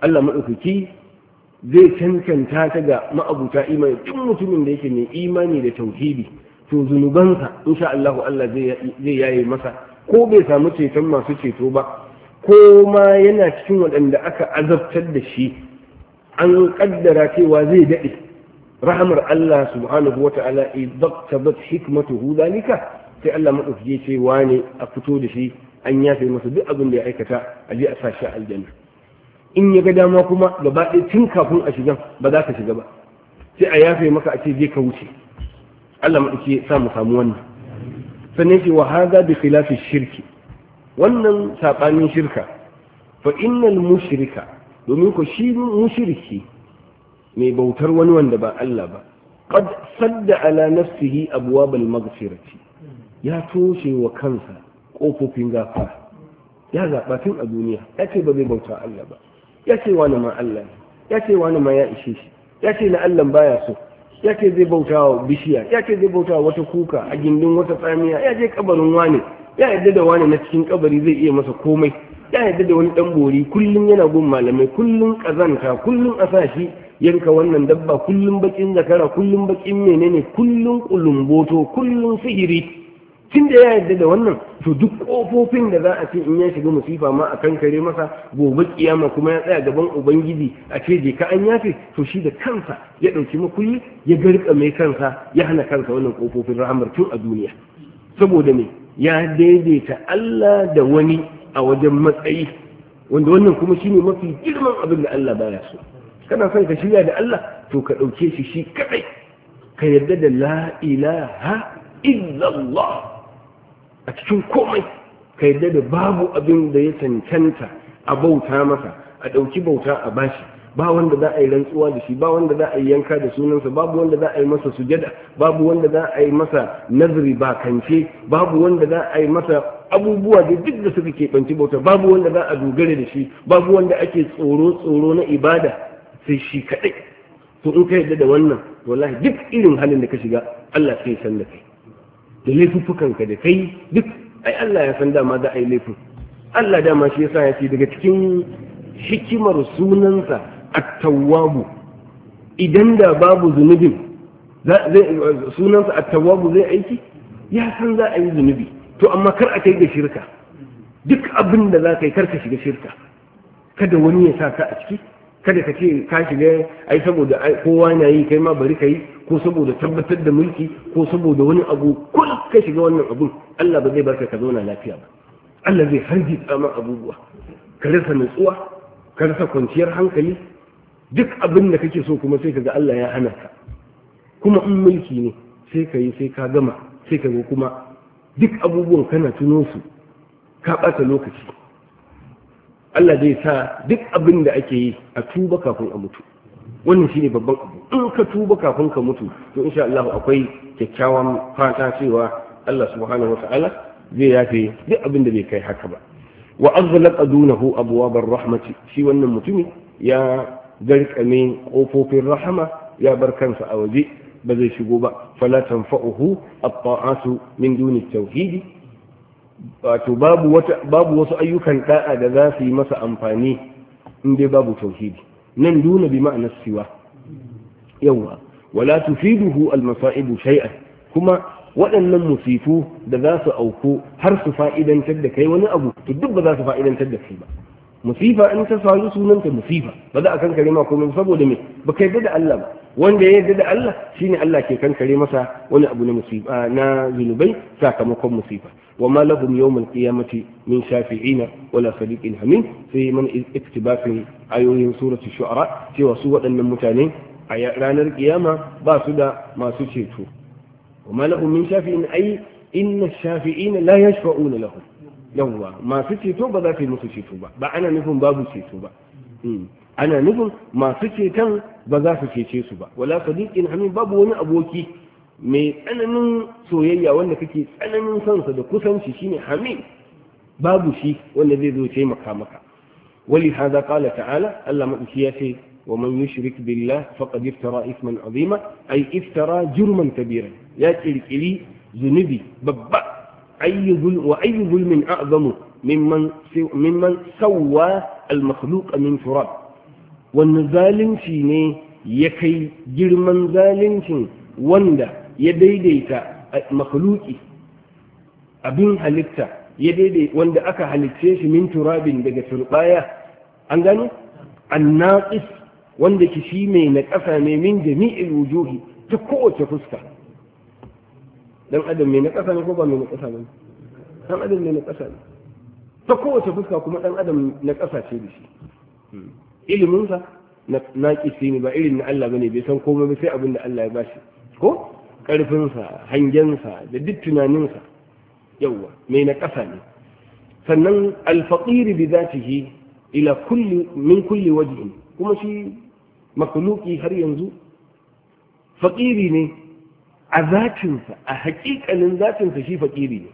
Allah maɗaukaki zai cancanta ta ga ma'abuta imani duk mutumin da yake mai imani da tauhidi to zunubansa insha Allah Allah zai yaye masa ko bai samu ceton masu ceto ba ko ma yana cikin waɗanda aka azabtar da shi an kaddara cewa zai daɗe rahamar Allah subhanahu wa ta'ala idaktabat hikmatuhu dalika sai Allah madaukake ce wane a fito da shi an yafe masa duk abin da ya aikata a je a sa shi aljanna in ya ga dama kuma gaba ɗaya tun kafin a shiga ba za ka shiga ba sai a yafe maka a ce je ka wuce Allah madaukake sa mu samu wannan sannan ce wa da bi khilafi shirki wannan sabanin shirka fa innal mushrika domin ko shi mushriki mai bautar wani wanda ba Allah ba qad sadda ala nafsihi abwab maghfirati ya toshe wa kansa kofofin gafa. ya zaba tun a duniya ya ce ba zai bauta Allah ba ya ce wani ma Allah ya ce wani ma ya ishe shi ya ce na Allah baya so ya ce zai bauta wa bishiya ya ce zai bauta wata kuka a gindin wata tsamiya ya je kabarin wani ya yadda da wani na cikin kabari zai iya masa komai ya yadda da wani dan bori kullum yana gun malamai kullum kazanta kullum a sa shi yanka wannan dabba kullum bakin zakara kullum bakin menene kullum kulumboto kullum sihiri tun da ya yarda da wannan to duk kofofin da za a ce in ya shiga musifa ma a kankare masa gobe kiyama kuma ya tsaya gaban ubangiji a ce je ka an yafe to shi da kansa ya ɗauki makulli ya garka mai kansa ya hana kansa wannan kofofin rahmar tun a duniya saboda me ya daidaita Allah da wani a wajen matsayi wanda wannan kuma shine mafi girman abin da Allah baya so kana son ka shirya da Allah to ka ɗauke shi shi kaɗai ka yarda da la ilaha illallah a cikin komai ka yarda da babu abin da ya tantanta a bauta masa a ɗauki bauta a bashi ba wanda za a yi rantsuwa da shi ba wanda za a yi yanka da sunansa babu wanda za a yi masa sujada babu wanda za a yi masa nazari ba kance babu wanda za a yi masa abubuwa da duk da suka keɓanci bauta babu wanda za a dogara da shi babu wanda ake tsoro tsoro na ibada sai shi kaɗai to in ka yadda da wannan wallahi duk irin halin da ka shiga Allah sai san da kai da ka da kai duk ai Allah ya san dama za a yi laifin Allah dama shi yasa ya ce daga cikin hikimar sunansa at-tawwabu idan da babu zunubin sunansa at-tawwabu zai aiki ya san za a yi zunubi to amma kar a kai ga shirka duk abin da za ka yi ka shiga shirka kada wani ya sa ka a ciki kada ka ce ka shiga ai saboda kowa na yi kai ma bari ka yi ko saboda tabbatar da mulki ko saboda wani abu kun ka shiga wannan abun Allah ba zai barka ka zauna lafiya ba Allah zai harji tsaman abubuwa ka rasa nutsuwa ka rasa kwanciyar hankali duk abin da kake so kuma sai ka ga Allah ya hana ka kuma in mulki ne sai ka yi sai ka gama sai ka kuma duk abubuwan kana tuno su ka ɓata lokaci Allah zai sa duk abin da ake yi a tuba kafin a mutu wannan shine babban abu in ka tuba kafin ka mutu to insha Allah akwai kyakkyawan fata cewa Allah subhanahu ta'ala zai yafe duk abin da bai kai haka ba wa azlaqa dunahu abwabar rahmati shi wannan mutumi ya garkame kofofin rahama ya bar kansa a waje ba zai shigo ba fala tanfa'uhu at-ta'atu min duni tauhidi wato babu wasu ayyukan da'a da za su yi masa amfani in dai babu tauhidi nan duna bi ma'anar siwa yawa wala tufiduhu al-masa'ibu shay'an kuma waɗannan musifu da za su auku har su fa'idantar da kai wani abu to duk ba za su fa'idantar da kai ba musifa in ta samu sunanta musifa ba za a kankare ma komai saboda me ba kai da Allah ba wanda ya yarda da Allah shine Allah ke kankare masa wani abu na musiba ah, na zunubai sakamakon musiba wa ma lahum yawm qiyamati min shafi'ina wala sadiqin hamim sai man iktibafin ayoyin surati shu'ara cewa su waɗannan mutane a ranar kiyama ba su da masu ceto wa ma lahum min shafi'in ay inna shafi'ina la yashfa'una lahum yawwa masu ceto ba za su yi musu ceto ba ba ana nufin babu ceto ba hmm. ana nufin masu ceton ba za su cece su ba wala sadiqin hamim babu wani aboki mai tsananin soyayya wanda kake tsananin sansa da kusanci shine hamim babu shi wanda zai zo taimaka maka wali hada qala ta'ala Allah madauki ya ce wa man yushrik billah faqad iftara isman azima ay iftara jurman kabira ya kirkiri zunubi babba wa ayyul min a'zamu mimman mimman sawwa al-makhluq min turab wani zalunci ne ya kai girman zaluncin wanda ya daidaita makhluki abin halitta ya daidai wanda aka halicce shi min turabin daga turbaya an gano annaqis wanda ki shi mai na ƙasa ne min jami'il wujuhi ta kowace fuska dan adam mai na ƙasa ne ko ba mai na ƙasa ba dan adam mai na ƙasa ne ta kowace fuska kuma dan adam na ƙasa ce da shi hmm. iliminsa na kisi ne ba irin na Allah bane bai san komai ba sai abin da Allah ya bashi ko ƙarfinsa hangensa da duk tunaninsa yawwa mai na ƙasa ne sannan alfaƙiri bi zatihi ila kulli min kulli wajhin kuma shi makuluki har yanzu faƙiri ne a zatinsa a haƙiƙanin zatinsa shi faƙiri ne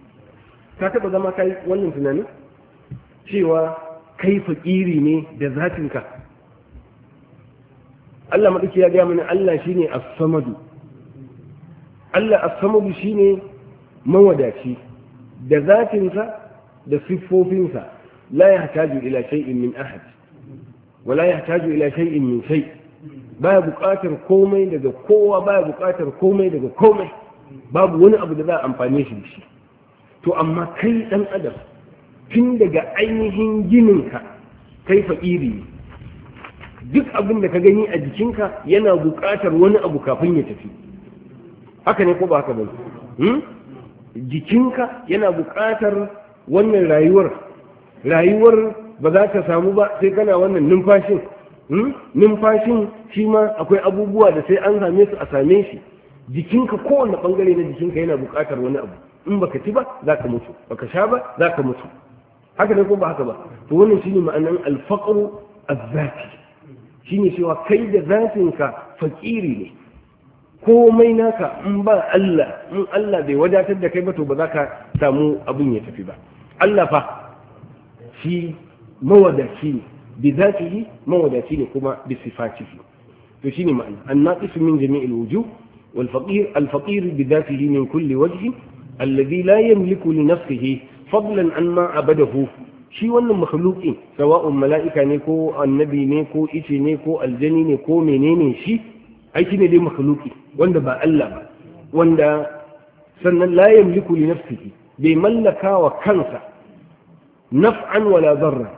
ka taɓa zama kai wannan tunanin cewa kai faƙiri ne da zatinka Allah maɗuki ya gaya mana Allah shi ne as-samadu Allah as-samadu shi ne mawadaci da zatinsa da siffofinsa la ya hataju ila shay'in min ahad wa la ya hataju ila shay'in min shay baya buƙatar komai daga kowa baya buƙatar komai daga komai babu wani abu da za a amfani shi da shi to amma kai ɗan adam tun daga ainihin gininka kai fa'iri ne duk abin da ka gani a jikinka yana buƙatar wani abu kafin ya tafi haka ne ko ba haka ba hmm? jikinka yana buƙatar wannan rayuwar rayuwar ba za ka samu ba sai kana wannan numfashin hmm? numfashin shi ma akwai abubuwa da sai an same su a same shi jikinka kowane bangare na jikinka yana buƙatar wani abu in baka ci ba za ka mutu baka sha ba za ka mutu haka ne ko ba haka ba to wannan shine ma'anan a azzati shine cewa kai da zatinka fakiri ne komai naka in ba Allah in Allah bai wadatar da kai ba to ba za ka samu abin ya tafi ba Allah fa shi mawadaci ne bi zatihi mawadaci ne kuma bi sifatihi to shine ma'ana annaqis min jami'il wujuh wal faqir al faqir bi zatihi min kulli wajh alladhi la yamliku li nafsihi fadlan an ma abadahu shi wannan makhluki sawa'un mala'ika ne ko annabi ne ko ice ne ko aljani ne ko menene shi ai ne dai makhluki wanda ba Allah ba wanda sannan la yamliku li nafsihi bai mallaka wa kansa naf'an wala darra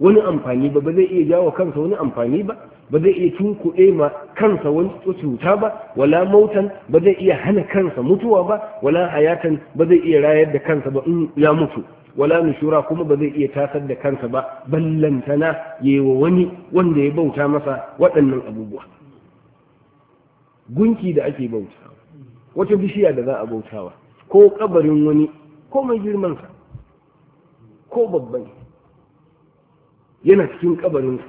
wani amfani ba ba zai iya jawo kansa wani amfani ba ba zai iya tunkuɗe ma kansa wani cuta ba wala mautan ba zai iya hana kansa mutuwa ba wala hayatan ba zai iya rayar da kansa ba in ya mutu wala nushura kuma ba zai iya tasar da kansa ba ballantana yewa wani wanda ya bauta masa waɗannan abubuwa gunki da ake bautawa wata bishiya da za a bautawa ko kabarin wani ko mai girmansa ko babban yana cikin kabarinsa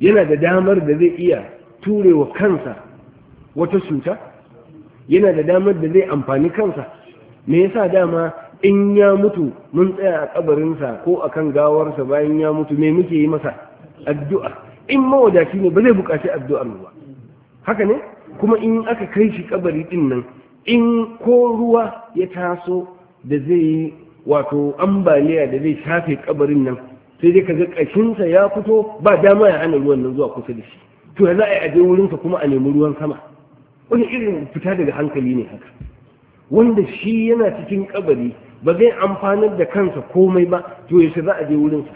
yana da damar da zai iya turewa kansa wata cuta yana da damar da zai amfani kansa me yasa dama in ya mutu mun tsaya a kabarinsa ko a kan gawarsa bayan ya mutu me muke yi masa addu'a in mawadaci ne ba zai bukaci addu'ar ba haka ne kuma in aka kai shi kabari din nan in ko ruwa ya taso da zai yi wato ambaliya da zai shafe kabarin nan sai dai kaga kashinsa ya fito ba dama ya hana ruwan nan zuwa kusa da shi to ya za a yi aje wurinsa kuma a nemi ruwan sama wani irin fita daga hankali ne haka wanda shi yana cikin kabari ba zai amfanar da kansa komai ba to yaushe za a je wurinsa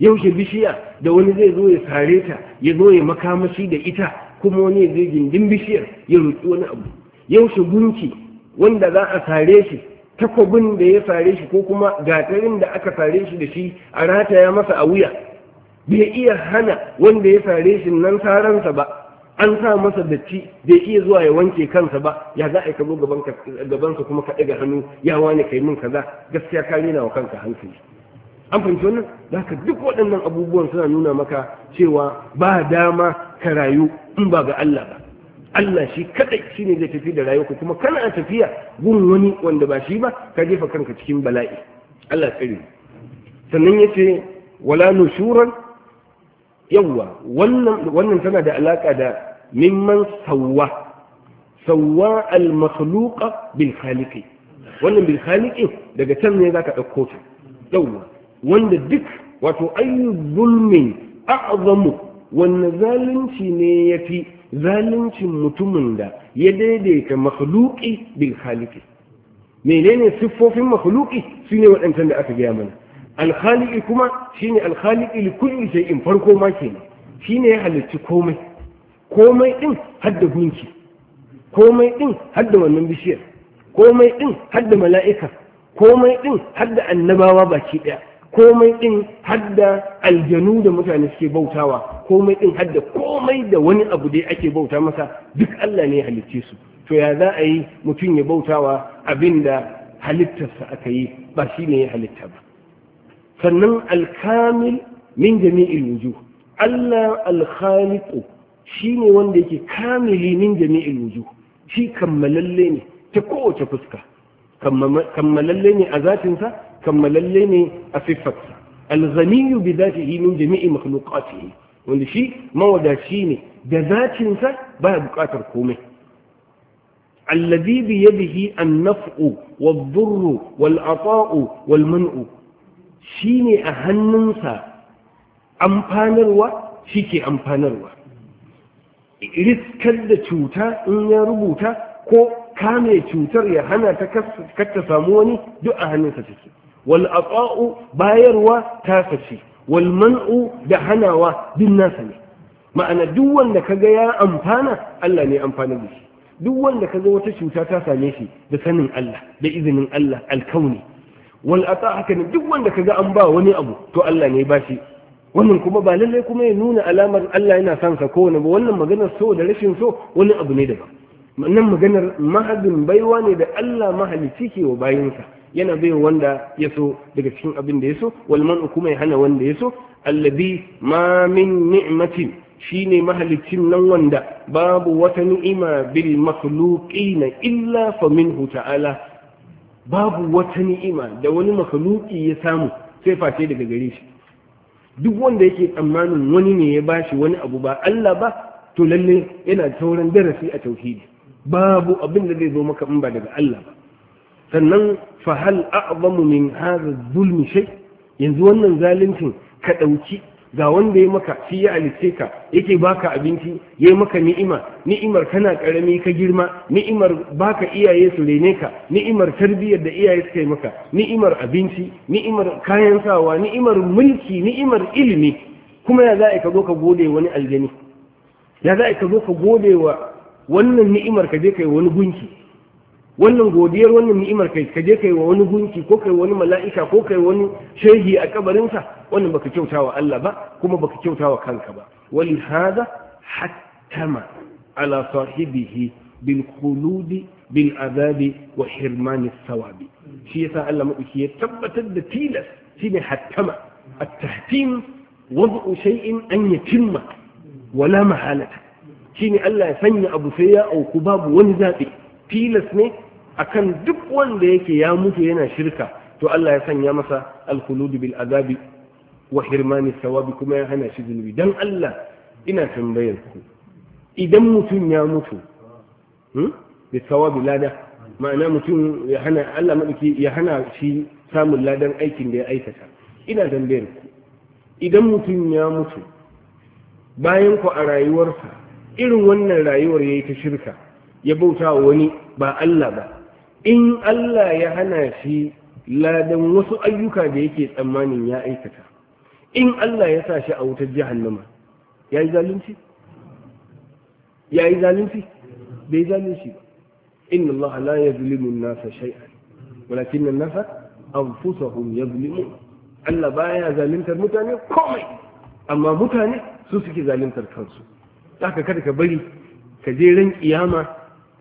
yaushe bishiya da wani zai zo ya sare ta ya zo ya makamashi da ita kuma wani zai gindin bishiyar ya roƙi wani abu yaushe gunki wanda za a sare shi takwabin da ya sare shi ko kuma gatarin da aka sare shi da shi a rataya masa a wuya bai iya hana wanda ya sare shi nan saransa ba an sa masa datti bai iya zuwa ya wanke kansa ba ya za a yi kabo gabansa kuma ka ɗaga hannu ya wane yi min kaza gaskiya ka nuna wa kanka hankali an fahimci wannan da haka duk waɗannan abubuwan suna nuna maka cewa ba dama ka rayu in ba ga Allah ba Allah shi kadai shi ne zai tafi da rayuwa kuma kana tafiya gun wani wanda ba shi ba ka jefa kanka cikin bala'i Allah tsare sannan ya yace wala nushuran yawwa wannan tana da alaka da mimman sauwa sauwa al-makhluqa bil khaliqi wannan bil khaliqi daga can ne zaka dauko ta yawa wanda duk wato ayyu zulmin a'zamu wannan zalunci ne yafi zaluncin mutumin da ya daidaita makhluqi bil khaliqi menene siffofin makhluqi shine waɗancan da aka gaya mana alkhaliqi kuma shine alkhaliqi li kulli shay'in farko ma kenan shine ya halicci komai komai ɗin hadda gunki komai ɗin hadda wannan bishiyar komai ɗin hadda mala'ika komai ɗin hadda annabawa baki ɗaya komai ɗin hadda aljanu da mutane suke bautawa komai ɗin hadda komai da wani abu da ake bauta masa duk Allah ne ya halicce su to ya za a yi mutum ya bautawa abin da halittarsa aka yi ba shi ne ya halitta ba sannan alkamil min jami'il wujuh Allah alkhaliqu shi ne wanda yake kamili min jami'il wuju. shi kammalalle ne ta kowace fuska kammalalle ne a zatinsa kammalalle ne a siffarsa alzaniyu bi zatihi min jami'i makhluqatihi wanda shi mawadaci ne da zatinsa ba bukatar komai الذي بيده النفع والضر والعطاء والمنع شيني أهننسا أمبانروا شيكي amfanarwa. riskar da cuta in ya rubuta ko kame cutar ya hana ta karta samu wani duk a hannunsa ciki, wal aqa'u bayarwa ta sace wal man'u da hanawa duk nasa ne ma'ana duk wanda kaga ya amfana Allah ne amfana da shi duk wanda kaga wata cuta ta same shi da sanin Allah da izinin Allah alkauni wal ata haka ne duk wanda kaga an ba wani abu to Allah ne ba shi wannan kuma ba lallai kuma ya nuna alamar Allah yana son sa kowane ba wannan maganar so da rashin so wani abu ne daban nan maganar mahadin baiwa ne da Allah mahalici ke wa bayansa yana bai wanda ya so daga cikin abin da ya so wal kuma ya hana wanda ya so allabi ma min ni'matin shine mahalicin nan wanda babu wata ni'ima bil makhluqina illa fa minhu ta'ala babu wata ni'ima da wani makhluqi ya samu sai face daga gare shi duk wanda yake tsammanin wani ne ya bashi wani abu ba Allah ba to lalle yana tauran darasi a tauhidi babu abin da zai zo maka in ba daga Allah ba sannan fa hal a'zamu min hadha zulmi shay yanzu wannan zaluncin ka dauki ga wanda ya maka shi ya alice ka yake baka abinci ya maka ni'ima ni'imar kana karami ka girma ni'imar baka iyaye su rene ka ni'imar tarbiyyar da iyaye suka yi maka ni'imar abinci ni'imar kayan sawa ni'imar mulki ni'imar ilimi kuma ya za'a ka zo ka gode wani aljani ya za'a ka zo ka gode wa wannan ni'imar ka je kai wani gunki wannan godiyar wannan ni'imar kai kaje kai wa wani gunki ko kai wani mala'ika ko kai wani shehi a kabarinsa wannan baka kyauta wa Allah ba kuma baka kyauta wa kanka ba wali hada hattama ala sahibihi bil khulud bil azabi wa hirman thawabi shi yasa Allah mabuki ya tabbatar da tilas shine hattama at-tahtim wad'u shay'in an yatimma wala mahalata shine Allah ya sanya abu sai ya auku babu wani zabi tilas ne akan duk wanda yake ya mutu yana shirka to Allah ya sanya masa alkhulud bil azabi wa hirmani sawabi kuma ya hana shi zunubi dan Allah ina tambayar ku idan mutum ya mutu bi hmm, sawabi lada ma'ana mutum ya hana Allah madaki ya hana shi samun ladan aikin da ya aikata ina tambayar ku idan mutum ya mutu bayan ku a rayuwarsa irin wannan rayuwar yayi ta shirka ya bauta wani ba Allah ba in Allah ya hana shi ladan wasu ayyuka da yake tsammanin ya aikata in Allah ya sa shi a wutar jahannama ya yi zalunci ya yi zalunci bai zalunci ba inna Allah la ya zulimin nasa shay'an walakin an-nasa anfusahum yazlimun Allah baya zaluntar mutane komai amma mutane su suke zaluntar kansu haka kada ka bari ka je ran kiyama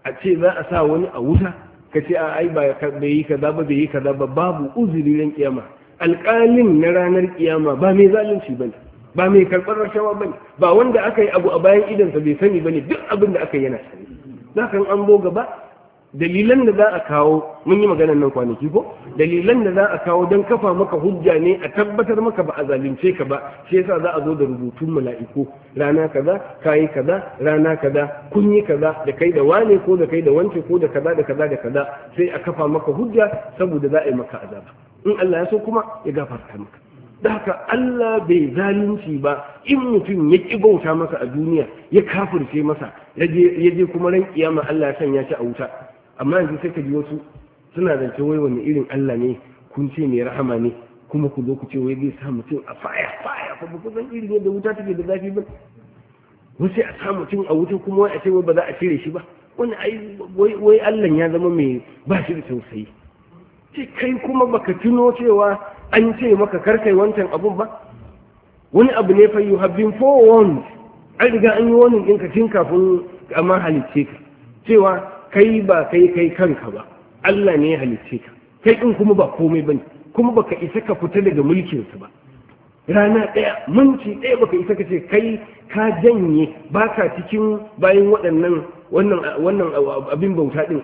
a ce za a sa wani a wuta ka ce a ai bai yi kaza ba bai yi kaza ba babu uzuri ran kiyama alƙalin na ranar kiyama ba mai zalunci bane ba mai karɓar rashawa bane ba wanda aka yi abu a bayan idansa bai sani ba ne duk abin da aka yi yana sani zakan an bo gaba dalilan da za a kawo mun yi maganar nan kwanaki ko dalilan da za a kawo don kafa maka hujja ne a tabbatar maka ba a zalunce ka ba shi yasa za a zo da rubutun mala'iku rana kaza kayi kaza rana kaza kunyi kaza da kai da wane ko da kai da wance ko da kaza da kaza da kaza sai a kafa maka hujja saboda za a yi maka azaba in Allah ya so kuma ya gafarta maka da haka Allah bai zalunci ba in mutum ya ƙi bauta masa a duniya ya kafirce masa ya je kuma ran kiyama Allah ya sanya shi a wuta amma yanzu sai ka ji wasu suna zance wai wani irin Allah ne kun ce mai rahama ne kuma ku zo ku ce wai zai sa mutum a faya faya fa ba ku san irin yadda wuta take da zafi ba sai a sa mutum a wuta kuma wai a ce wai ba za a cire shi ba wani ai wai Allah ya zama mai ba shi da tausayi ce kai kuma baka tuno cewa an ce maka karkai wancan abun ba wani abu ne fa you have been forewarned an riga an yi wani ɗinka tun kafin amma halicce ka cewa kai ba kai kai kanka ba Allah ne ya halicce ka kai din kuma ba komai bane kuma baka isa ka fita daga mulkin sa ba rana ɗaya minti ɗaya baka isa ka ce kai ka janye baka cikin bayan waɗannan wannan wannan abin bauta din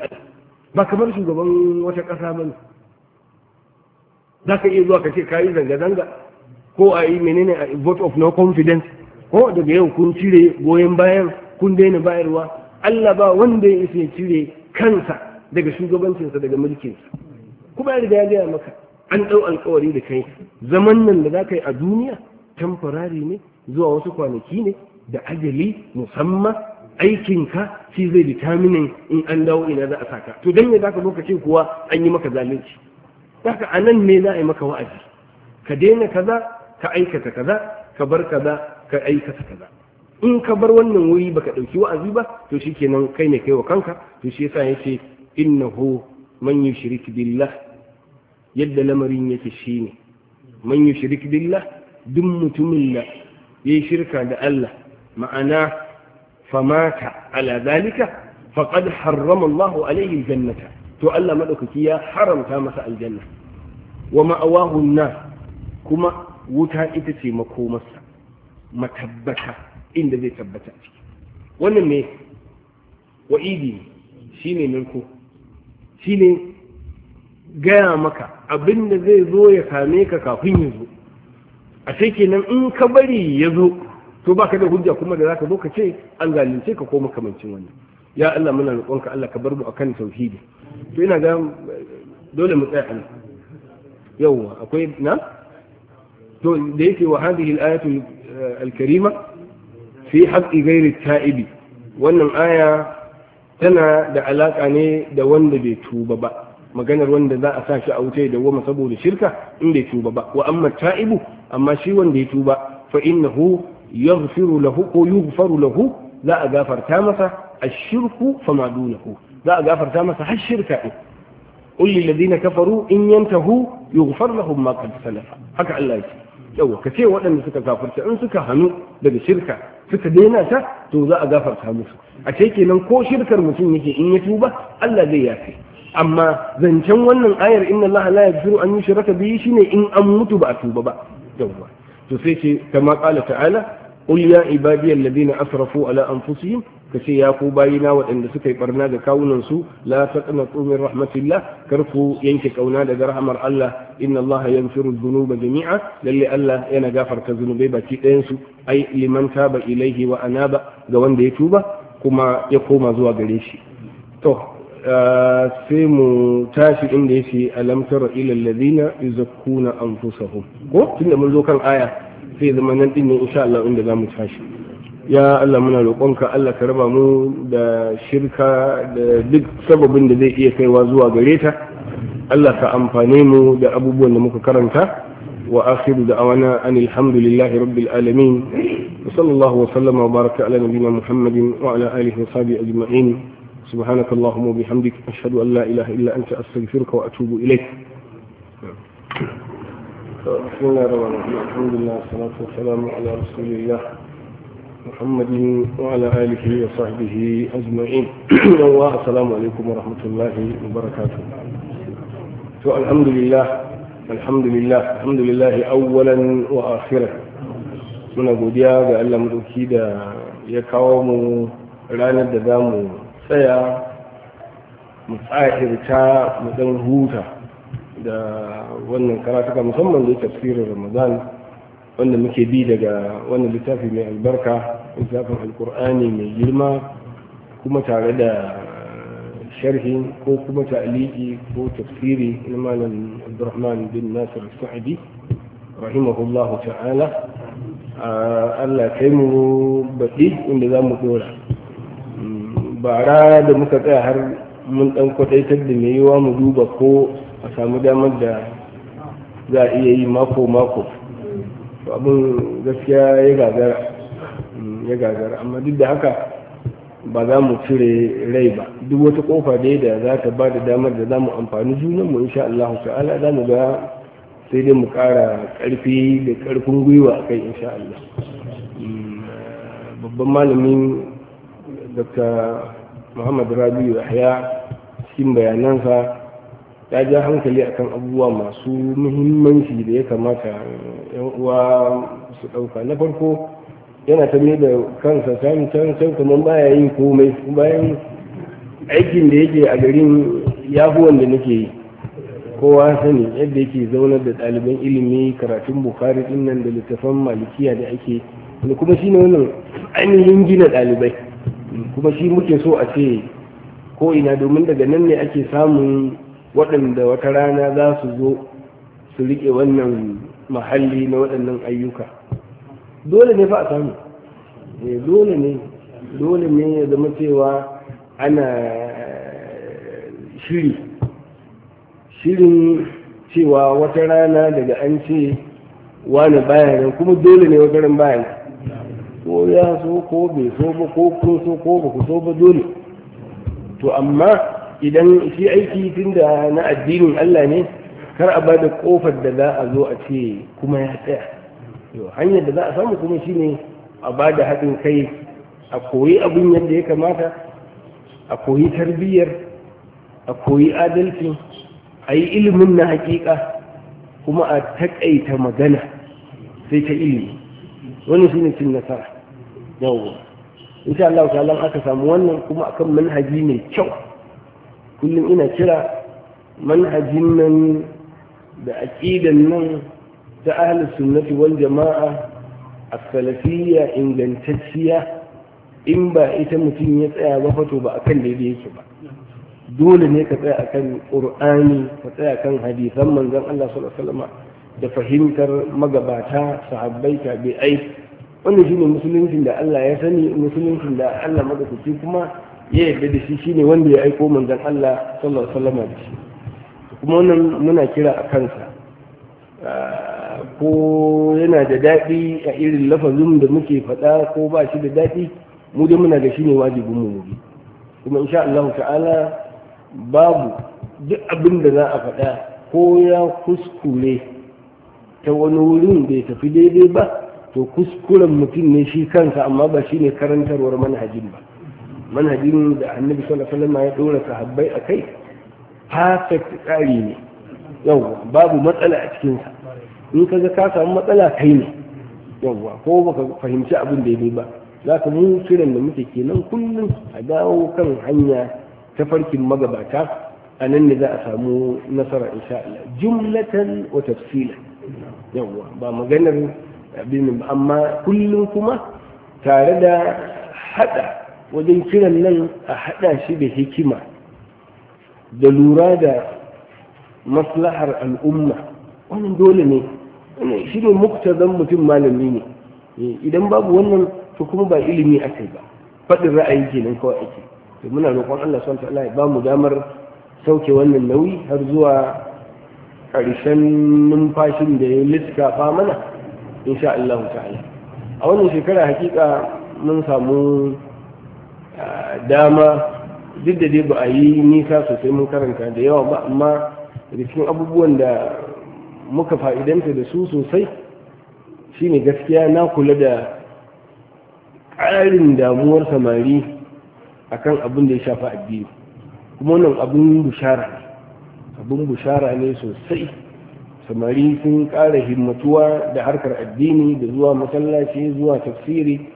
ba kamar shugaban wata ƙasa ba ne za ka iya zuwa ka ce ka yi zanga-zanga ko a yi menene a vote of no confidence ko daga yau kun cire goyon bayan kun daina bayarwa Allah ba wanda ya isa ya cire kansa daga shugabancinsa daga mulkinsa kuma ya da ya gaya maka an ɗau alkawari da kai zaman nan da za ka yi a duniya tamfarari ne zuwa wasu kwanaki ne da ajali musamman aikinka shi zai bitaminin in an dawo ina za a saka to don me za ka lokacin kuwa an yi maka zalunci haka a nan ne za a yi maka wa'azi ka daina kaza ka aikata kaza ka bar kaza ka aikata kaza in ka bar wannan wuri baka dauki wa'azi ba to shikenan kai ne kai wa kanka to shi yasa yace innahu man yushrik billah yadda lamarin yake shine man yushrik billah duk mutumin da yayi shirka da Allah ma'ana famata ala zalika faqad harrama Allahu alayhi aljannata to Allah madaukaki ya haramta masa aljanna wa ma'awahu an kuma wuta ita ce makomarsa matabbata inda zai tabbata a ciki wannan ne wa'idi shi ne narko shi ne gaya maka abin da zai zo ya same ka kafin ya zo a sai kenan in ka bari ya zo to ba ka da hujja kuma da za ka zo ka ce an zalunce ka ko makamancin wannan ya Allah muna roƙonka Allah ka bar mu akan tauhidi to ina ga dole mu tsaya anan yawwa akwai na to da yake wa hadhihi al-ayatu al-karima fi haƙi gairi ta'ibi wannan aya tana da alaƙa ne da wanda bai tuba ba maganar wanda za a sa shi a wuce da goma saboda shirka in bai tuba ba wa amma ta'ibu amma shi wanda ya tuba fa innahu yaghfiru lahu ko yughfaru lahu za a gafarta masa ashirku fama dunahu za a gafarta masa har shirka din قل للذين كفروا إن ينتهوا يغفر لهم ما قد سلف haka Allah ya ce yawa ka ce waɗanda suka kafirta in suka hannu daga shirka suka daina ta to za a gafarta musu a ce kenan ko shirkar mutum yake in ya tuba Allah zai yafe amma zancen wannan ayar inna Allah la yaghfiru an yushraka bihi shine in an mutu ba a tuba ba yawwa to sai ce kama qala ta'ala qul ya ibadiyal ladina asrafu ala anfusihim ka ce ya ku bayina waɗanda suka yi barna da kawunansu la taqnatu tsumin rahmatillah kar ku yanke kauna daga rahamar Allah inna Allah yaghfiru dhunuba jami'a lalle Allah yana gafarta zunubai baki ɗayansu su ai liman taba ilaihi wa anaba ga wanda ya tuba kuma ya koma zuwa gare shi to sai mu tashi inda yace alam tara ila alladhina yuzakkuna anfusahum ko tunda mun zo kan aya sai zama nan din ne insha Allah inda zamu tashi ya Allah muna roƙonka Allah ka raba mu da shirka da duk sababin da zai iya kaiwa zuwa gare ta Allah ka amfane mu da abubuwan da muka karanta wa akhiru da awana an alhamdulillahi rabbil alamin wa sallallahu wa sallama wa baraka ala nabiyyina muhammadin wa ala alihi wa sahbihi ajma'in سبحانك اللهم وبحمدك أشهد أن لا إله إلا أنت أستغفرك وأتوب إليك بسم الله الرحمن الرحيم الحمد لله والصلاة والسلام على رسول الله محمد وعلى آله وصحبه أجمعين السلام عليكم ورحمة الله وبركاته الحمد لله الحمد لله الحمد لله أولا وآخرا من godiya ga Allah madauki da ya kawo mu ranar da za mu tsaya mu tsahirta mu dan huta da wannan karatuka musamman da tafsirin Ramadan wanda muke bi daga wannan littafi mai albarka littafin alkur'ani mai girma kuma tare da sharhi ko kuma ta'aliki ko tafsiri na malam abdurrahman bin nasir sa'adi rahimahullahu ta'ala allah kai mu baɗi inda za mu ɗora bara da muka tsaya har mun ɗan kwaɗaitar da mai yiwa mu duba ko a samu damar da za a iya yi mako-mako abin gaskiya ya gagara mm, ya gagara amma duk da haka ba za mu cire rai ba duk wata kofa dai da za ta ba da damar da za mu amfani mu insha Allah ta'ala za mu ga sai dai mu kara ƙarfi da karfin gwiwa a kai insha Allah mm, babban malamin dr muhammad rabiu yahya cikin bayanansa ya ja hankali akan abubuwa masu muhimmanci da ya kamata yan uwa su ɗauka na farko yana ta da kansa sami can can kuma baya yin komai bayan aikin da yake a garin ya da nake yi kowa sani yadda yake zaunar da ɗaliban ilimi karatun bukari din nan da littafan malikiya da ake wani kuma shi ne wannan ainihin gina ɗalibai kuma shi muke so a ce ko ina domin daga nan ne ake samun waɗanda wata rana za su zo su riƙe wannan mahalli na waɗannan ayyuka dole ne fa a samu eh, dole ne dole ne ya zama cewa ana eh, shiri shirin cewa wata rana daga an ce wani bayan kuma dole ne wata ran bayan ko ya so ko bai so ba ko kun so ko ba ku so ba dole to amma idan shi aiki tun da na addinin Allah ne kar a bada kofar da za a zo a ce kuma ya tsaya hanyar da za a samu kuma shi ne a ba haɗin kai a koyi abin yadda ya kamata a koyi tarbiyyar a koyi adalci a yi ilimin na hakika kuma a taƙaita magana sai ta ilimi wani shi ne cin nasara yawon insha Allah aka samu wannan kuma akan manhaji mai kyau kullum ina kira manhajin nan da aƙidan nan ta ahlus sunnati wal jama'a a salafiyya ingantacciya in ba ita mutum ya tsaya ba fato ba akan daidai yake ba dole ne ka tsaya akan ƙurani ka tsaya kan hadisan manzon Allah sallallahu alaihi wasallam da fahimtar magabata sahabbai tabi'ai wannan shine musuluncin da Allah ya sani musuluncin da Allah madaukaki kuma ya yarda da shi shine wanda ya aiko manzon Allah sallallahu alaihi wasallam da shi kuma wannan muna kira a kansa ah, ko yana da daɗi a irin lafazin da muke faɗa ko ba shi da daɗi mu dai muna da shi ne wajibin mu ne kuma insha Allah ta'ala babu duk abin da za a faɗa ko ya kuskure ta wani wurin bai tafi daidai ba to kuskuren mutum ne shi kansa amma ba shi ne karantarwar manhajin ba manhajin da annabi sallallahu alaihi wasallam ya dora sahabbai kai, perfect tsari ne yawwa babu matsala a cikin sa in kaga ka samu matsala kai ne yawwa ko baka fahimci abin da yake ba za ka mu kiran da muke kenan kullum a dawo kan hanya ta farkin magabata a nan ne za a samu nasara insha Allah jumlatan wa tafsila yawwa ba maganar abin amma kullum kuma tare da hada wajen kiran nan a haɗa shi da hikima da lura da maslahar al'umma wannan dole ne shi ne muktazan mutum malami ne eh, idan babu wannan to kuma ba ilimi ake ba faɗin ra'ayi kenan kawai ake to muna roƙon Allah subhanahu ta'ala ya ba mu damar sauke wannan nauyi har zuwa ƙarshen numfashin da ya lissafa mana insha Allah ta'ala a wannan shekara hakika mun samu dama duk da dai ba a yi nisa sosai mun karanta da yawa ba amma rikin abubuwan da muka fa'idanta da su sosai shine gaskiya na kula da ƙarin damuwar samari a kan abin da ya shafa addini kuma wannan abin bushara ne abin bushara ne sosai samari sun ƙara himmatuwa da harkar addini da zuwa masallaci zuwa tafsiri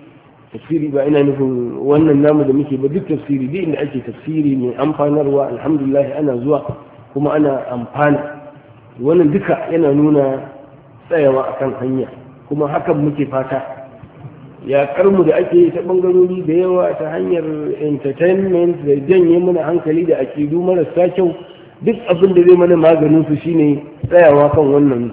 tafsiri ba ina nufin wannan namu da muke ba duk tafsiri duk inda ake tafsiri mai amfanarwa alhamdulillah ana zuwa kuma ana amfana wannan duka yana nuna tsayawa a kan hanya kuma hakan muke fata yaƙar mu da ake ta bangarori da yawa ta hanyar entertainment da janye mana hankali da ake du marasa kyau duk abin da zai mana maganin su shine tsayawa kan wannan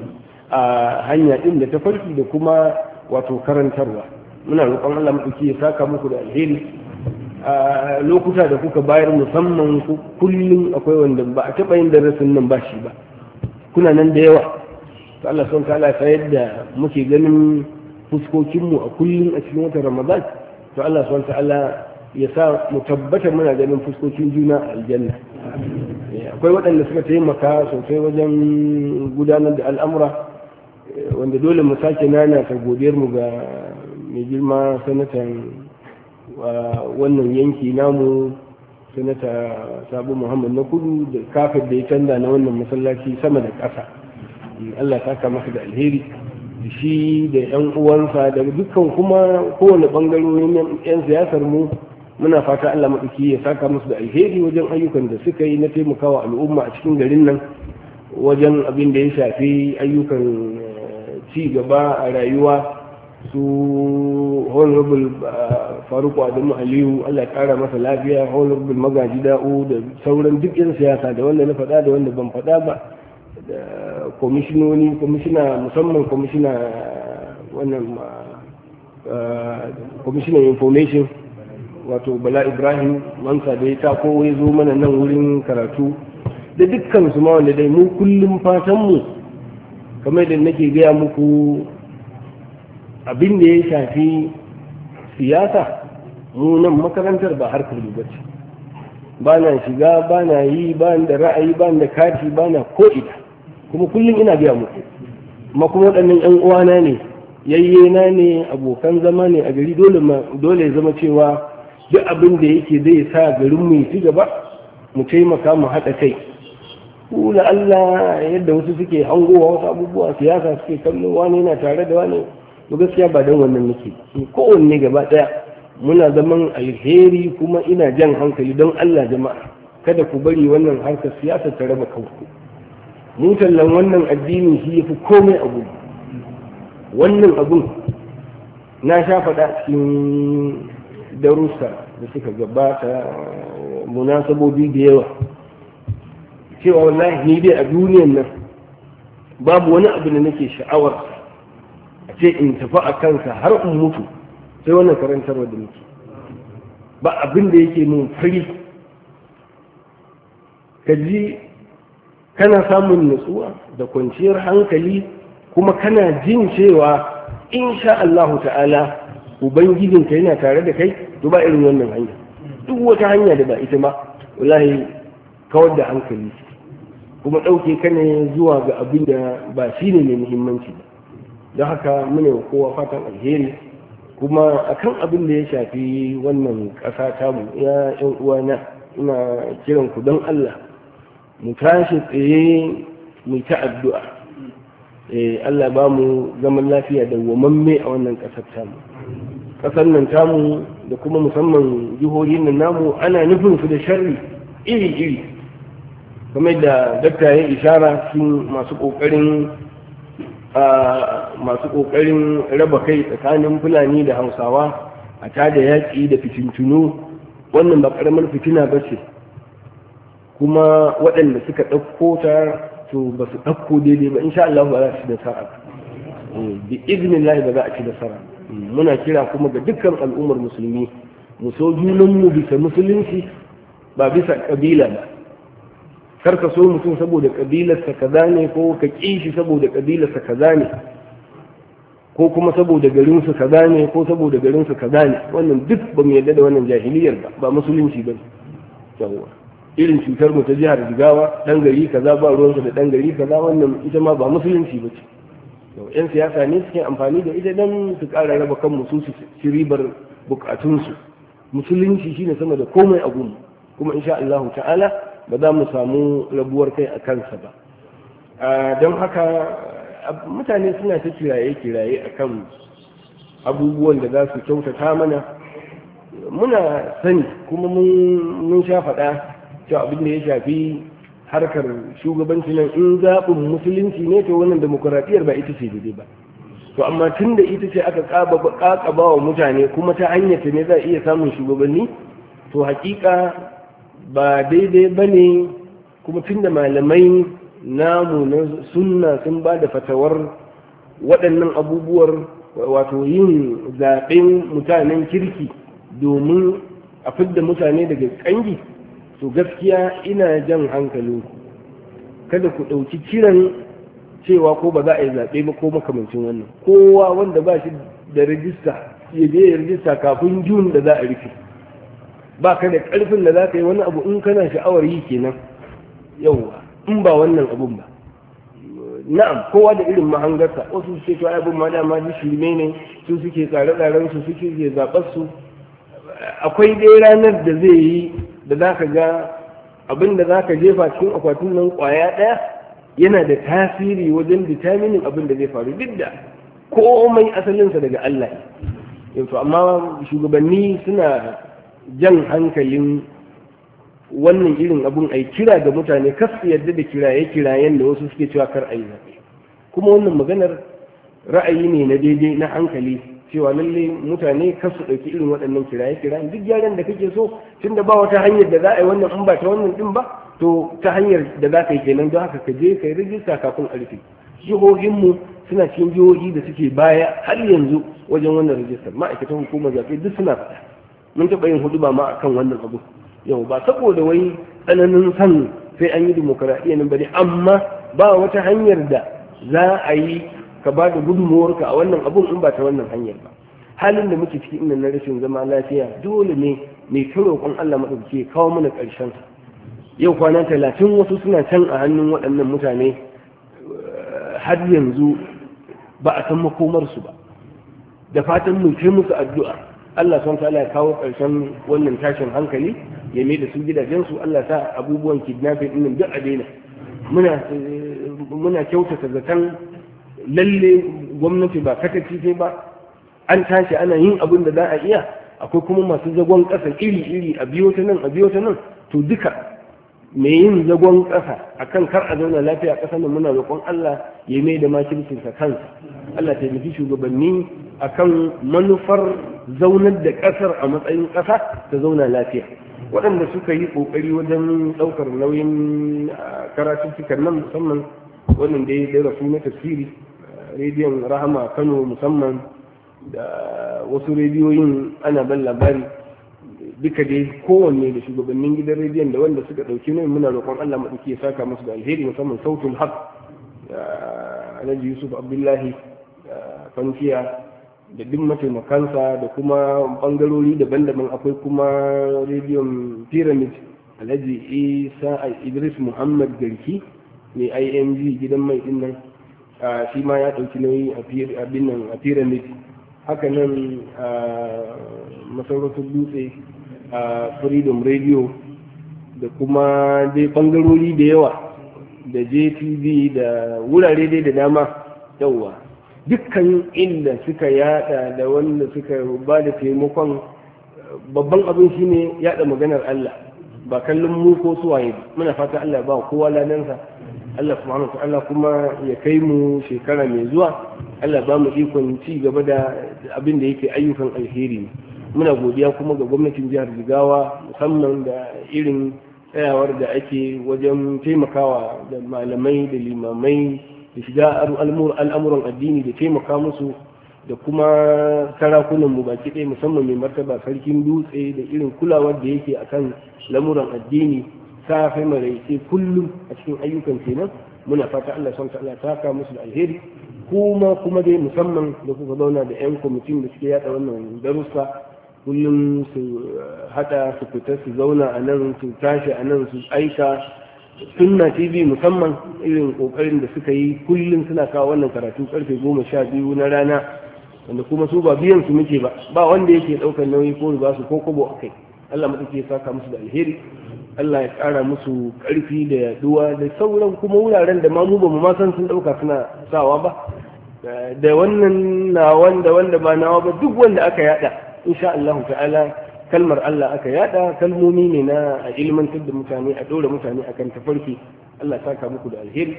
a hanya ɗin da ta farki da kuma wato karantarwa muna roƙon Allah maɗauki ya saka muku da alheri a lokuta da kuka bayar musamman ku kullum akwai wanda ba a taɓa yin darasin nan ba shi ba kuna nan da yawa to Allah son ka ta yadda muke ganin fuskokinmu a kullum a cikin watan Ramadan to Allah son ta'ala ya sa mu tabbata muna ganin fuskokin juna a aljanna eh, akwai waɗanda suka taimaka sosai wajen gudanar da al'amura eh, wanda dole mu sake nana ta godiyar mu ga mai girma sanatan wannan yanki namu sanata sabu muhammad na kudu da kafin da ya canza na wannan masallaci sama da ƙasa allah saka masa da alheri da shi da yan uwansa da dukkan kuma kowane bangarorin yan siyasar mu muna fata allah maɗuki ya saka musu da alheri wajen ayyukan da suka yi na taimakawa al'umma a cikin garin nan wajen abin da ya shafi ayyukan eh, ci gaba a rayuwa su honorable uh, faruku adamu aliyu allah kara masa lafiya honorable magaji da'u da sauran duk yan siyasa da wanda na faɗa da wanda ban faɗa ba da kwamishinoni kwamishina musamman kwamishina uh, wannan uh, kwamishinan information wato bala ibrahim wansa da ya tako ya zo mana nan wurin karatu da dukkan su ma wanda dai mu kullum fatanmu kamar da nake gaya muku abin da ya shafi siyasa mu nan makarantar ba harkar ba ba na shiga ba na yi ba da ra'ayi ba da kati ba na ko'ida. kuma kullum ina biya muku ma kuma waɗannan 'yan uwana ne na ne abokan zama ne a gari dole zama cewa duk abin da yake zai sa garin mu ci gaba mu taimaka mu haɗa kai kula Allah yadda wasu suke hangowa wasu abubuwa siyasa suke kallo wani yana tare da wani to gaskiya ba don wannan nake kowanne gaba daya muna zaman alheri kuma ina jan hankali don Allah jama'a kada ku bari wannan harkar siyasa ta raba kanku mu tallan wannan addini shi yafi komai abu wannan abun na sha faɗa cikin darussa da suka gabata munasabobi da yawa cewa wallahi ni dai a duniyan nan babu wani abu da nake sha'awar ce in tafi a kansa har in mutu sai wannan karantarwa da mutu ba abin da yake mun fari ka ji kana samun nutsuwa da kwanciyar hankali kuma kana jin cewa insha Allah ta'ala ubangijinka yana tare da kai to ba irin wannan hanya duk wata hanya da ba ita ba wallahi kawar da hankali kuma ɗauke ka ne zuwa ga abin da ba shi ne mai muhimmanci ba don haka mune kowa fatan alheri kuma akan abin da ya shafi wannan ƙasa tamu ya yan uwana ina kiran ku don Allah mu tashi tsaye mu ta addu'a eh, Allah ba mu zaman lafiya da wamamme a wannan ƙasar tamu ƙasar nan tamu da kuma musamman jihohin nan namu ana nufin su da sharri iri iri kamar da dakta ya isara cikin masu ƙoƙarin masu ƙoƙarin raba kai tsakanin fulani da hausawa a tada yaƙi da fitintunu wannan ba ƙaramar fitina ba ce kuma waɗanda suka ɗauko ta to ba su ɗauko daidai ba insha Allah ba za su da sa'a eh, bi iznillahi ba za a ci nasara hmm, muna kira kuma ga dukkan al'ummar musulmi mu so junanmu bisa musulunci ba bisa ƙabila ba kar ka so mutum saboda kabilarsa kaza ne ko ka ƙi shi saboda kabilarsa kaza ne ko kuma saboda garinsu kaza ne ko saboda garinsu kaza ne wannan duk ba mu yarda da wannan jahiliyar ba ba musulunci ba yawwa irin cutar mu ta jihar jigawa dan gari kaza ba ruwansa da dan gari kaza wannan ita ma ba musulunci ba ce yan siyasa ne suke amfani da ita dan su ƙara raba kan musu su ci ribar bukatunsu musulunci shine sama da komai a gumu kuma insha Allah ta'ala ba za mu samu rabuwar kai a kansa ba don haka mutane suna ta kiraye-kiraye a kan abubuwan da za su kyautata mana muna sani kuma mun sha faɗa cewa abin da ya shafi harkar shugabanci nan in zaɓin musulunci ne to wannan demokuraɗiyar ba ita ce daidai ba to amma tun da ita ce aka ƙaƙaba wa mutane kuma ta hanyar ne za a iya samun shugabanni to haƙiƙa. ba daidai ba ne kuma tun da malamai namu na sunna sun ba da fatawar waɗannan abubuwar wato yin zaɓen mutanen kirki domin a fidda mutane daga ƙangi to gaskiya ina jan hankalin kada ku ɗauki kiran cewa ko ba za a yi zaɓe ba ko makamancin wannan kowa wanda ba shi da rijista ya je ya rijista kafin jun da za a rufe ba ka da ƙarfin da za ka yi wani abu in kana sha'awar yi kenan yauwa in ba wannan abun ba na'am kowa da irin mahangarsa wasu suke to abun ma dama shi shirme ne su suke tsare-tsaren su suke ke zaɓar su akwai dai ranar da zai yi da za ka ga abin da za ka jefa cikin akwatin nan ƙwaya ɗaya yana da tasiri wajen determining abin da zai faru duk da komai asalinsa daga Allah ne Yanzu amma shugabanni suna jan hankalin wannan irin abun ai kira ga mutane kasu yadda da kiraye kirayen da wasu suke cewa kar yi zaɓe kuma wannan maganar ra'ayi ne na daidai na hankali cewa lalle mutane kasu dauki ɗauki irin waɗannan kiraye kirayen duk gyaran da kake so tunda ba wata hanyar da za a yi wannan in ba ta wannan din ba to ta hanyar da za ka yi kenan don haka ka je ka yi rijista kafin a rufe jihohinmu suna cikin jihohi da suke baya har yanzu wajen wannan rijistar ma'aikatan hukumar zaɓe duk suna faɗa mun taɓa yin hudu ba ma akan wannan abu yau ba saboda wai tsananin san sai an yi dimokuraɗiyya nan bane amma ba wata hanyar da za a yi ka ba da gudunmuwarka a wannan abun in ba ta wannan hanyar ba halin da muke ciki inda na rashin zama lafiya dole ne mai ta roƙon Allah maɗauki kawo mana ƙarshen yau kwana talatin wasu suna can a hannun waɗannan mutane har yanzu ba a san makomarsu ba da fatan mu kai musu addu'a Allah son ta ya kawo ƙarshen wannan tashin hankali ya mai da su gidajensu Allah sa abubuwan kidnapping ɗin duk a daina muna kyautata zaton lalle gwamnati ba kata sai ba an tashi ana yin abin da za a iya akwai kuma masu zagon ƙasa iri-iri a biyo ta nan a biyo ta nan to duka mai yin zagon ƙasa akan kar a zauna lafiya ƙasa da muna roƙon Allah ya mai da makircinsa kansa Allah taimaki shugabanni akan manufar zaunar da ƙasar a matsayin ƙasa ta zauna lafiya waɗanda suka yi ƙoƙari wajen ɗaukar nauyin karatuttukan nan musamman waɗanda ya rasu na tafsiri rediyon rahama kano musamman da wasu rediyoyin ana ban labari duka dai kowanne da shugabannin gidan rediyon da wanda suka ɗauki nan muna roƙon allah maɗauki ya saka musu da alheri musamman sautin haq alhaji yusuf abdullahi fankiya da duk mataimakansa da kuma bangarori daban-daban akwai kuma rediyon pyramid alhaji isa idris muhammad garki mai img gidan mai din nan shi ma ya ɗauki nauyi abin nan a pyramid haka nan a masarautar dutse a freedom radio da kuma dai bangarori da yawa da jtv da wurare dai da dama yauwa dukkan inda suka yada da wanda suka ba da taimakon babban abin ne yada maganar Allah ba kallon mu ko suwaye muna fata Allah ba kowa ladansa Allah subhanahu ta'ala kuma ya kai mu shekara mai zuwa Allah ba mu ikon ci gaba da abin da yake ayyukan alheri muna godiya kuma ga gwamnatin jihar Jigawa musamman da irin tsayawar da ake wajen taimakawa da malamai da limamai da shiga al'amuran addini da taimaka musu da kuma sarakunan mu baki ɗaya musamman mai martaba sarkin dutse da irin kulawar da yake akan lamuran addini safe maraice kullum a cikin ayyukan kenan muna fata Allah son ta Allah taka musu da alheri kuma kuma dai musamman da kuka zauna da yan kwamitin da suke yada wannan darussa kullum su eh, hada su fita su zauna a nan su tashi a nan su aika sunna tv musamman irin kokarin da suka yi kullum suna kawo wannan karatu karfe goma sha biyu na rana wanda kuma su ba biyan su muke ba ba wanda yake daukar nauyi ko ba su ko kobo akai Allah madauki ya saka musu da alheri Allah ya kara musu karfi da yaduwa da sauran kuma wuraren da ma ba mu ma san sun dauka suna sawa ba eh, da wannan na wanda wanda ba nawa ba duk wanda aka yada insha Allah ta'ala kalmar Allah aka yada kalmomi ne na a ilmantar da mutane a ɗora mutane akan tafarki Allah saka muku da alheri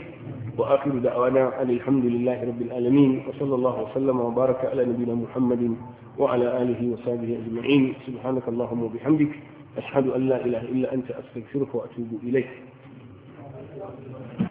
wa akhiru awana alhamdulillahi rabbil alamin wa sallallahu wa sallama wa baraka ala nabiyyina muhammadin wa ala alihi wa sahbihi ajma'in subhanaka allahumma bihamdik ashhadu an la ilaha illa anta astaghfiruka wa atubu ilayk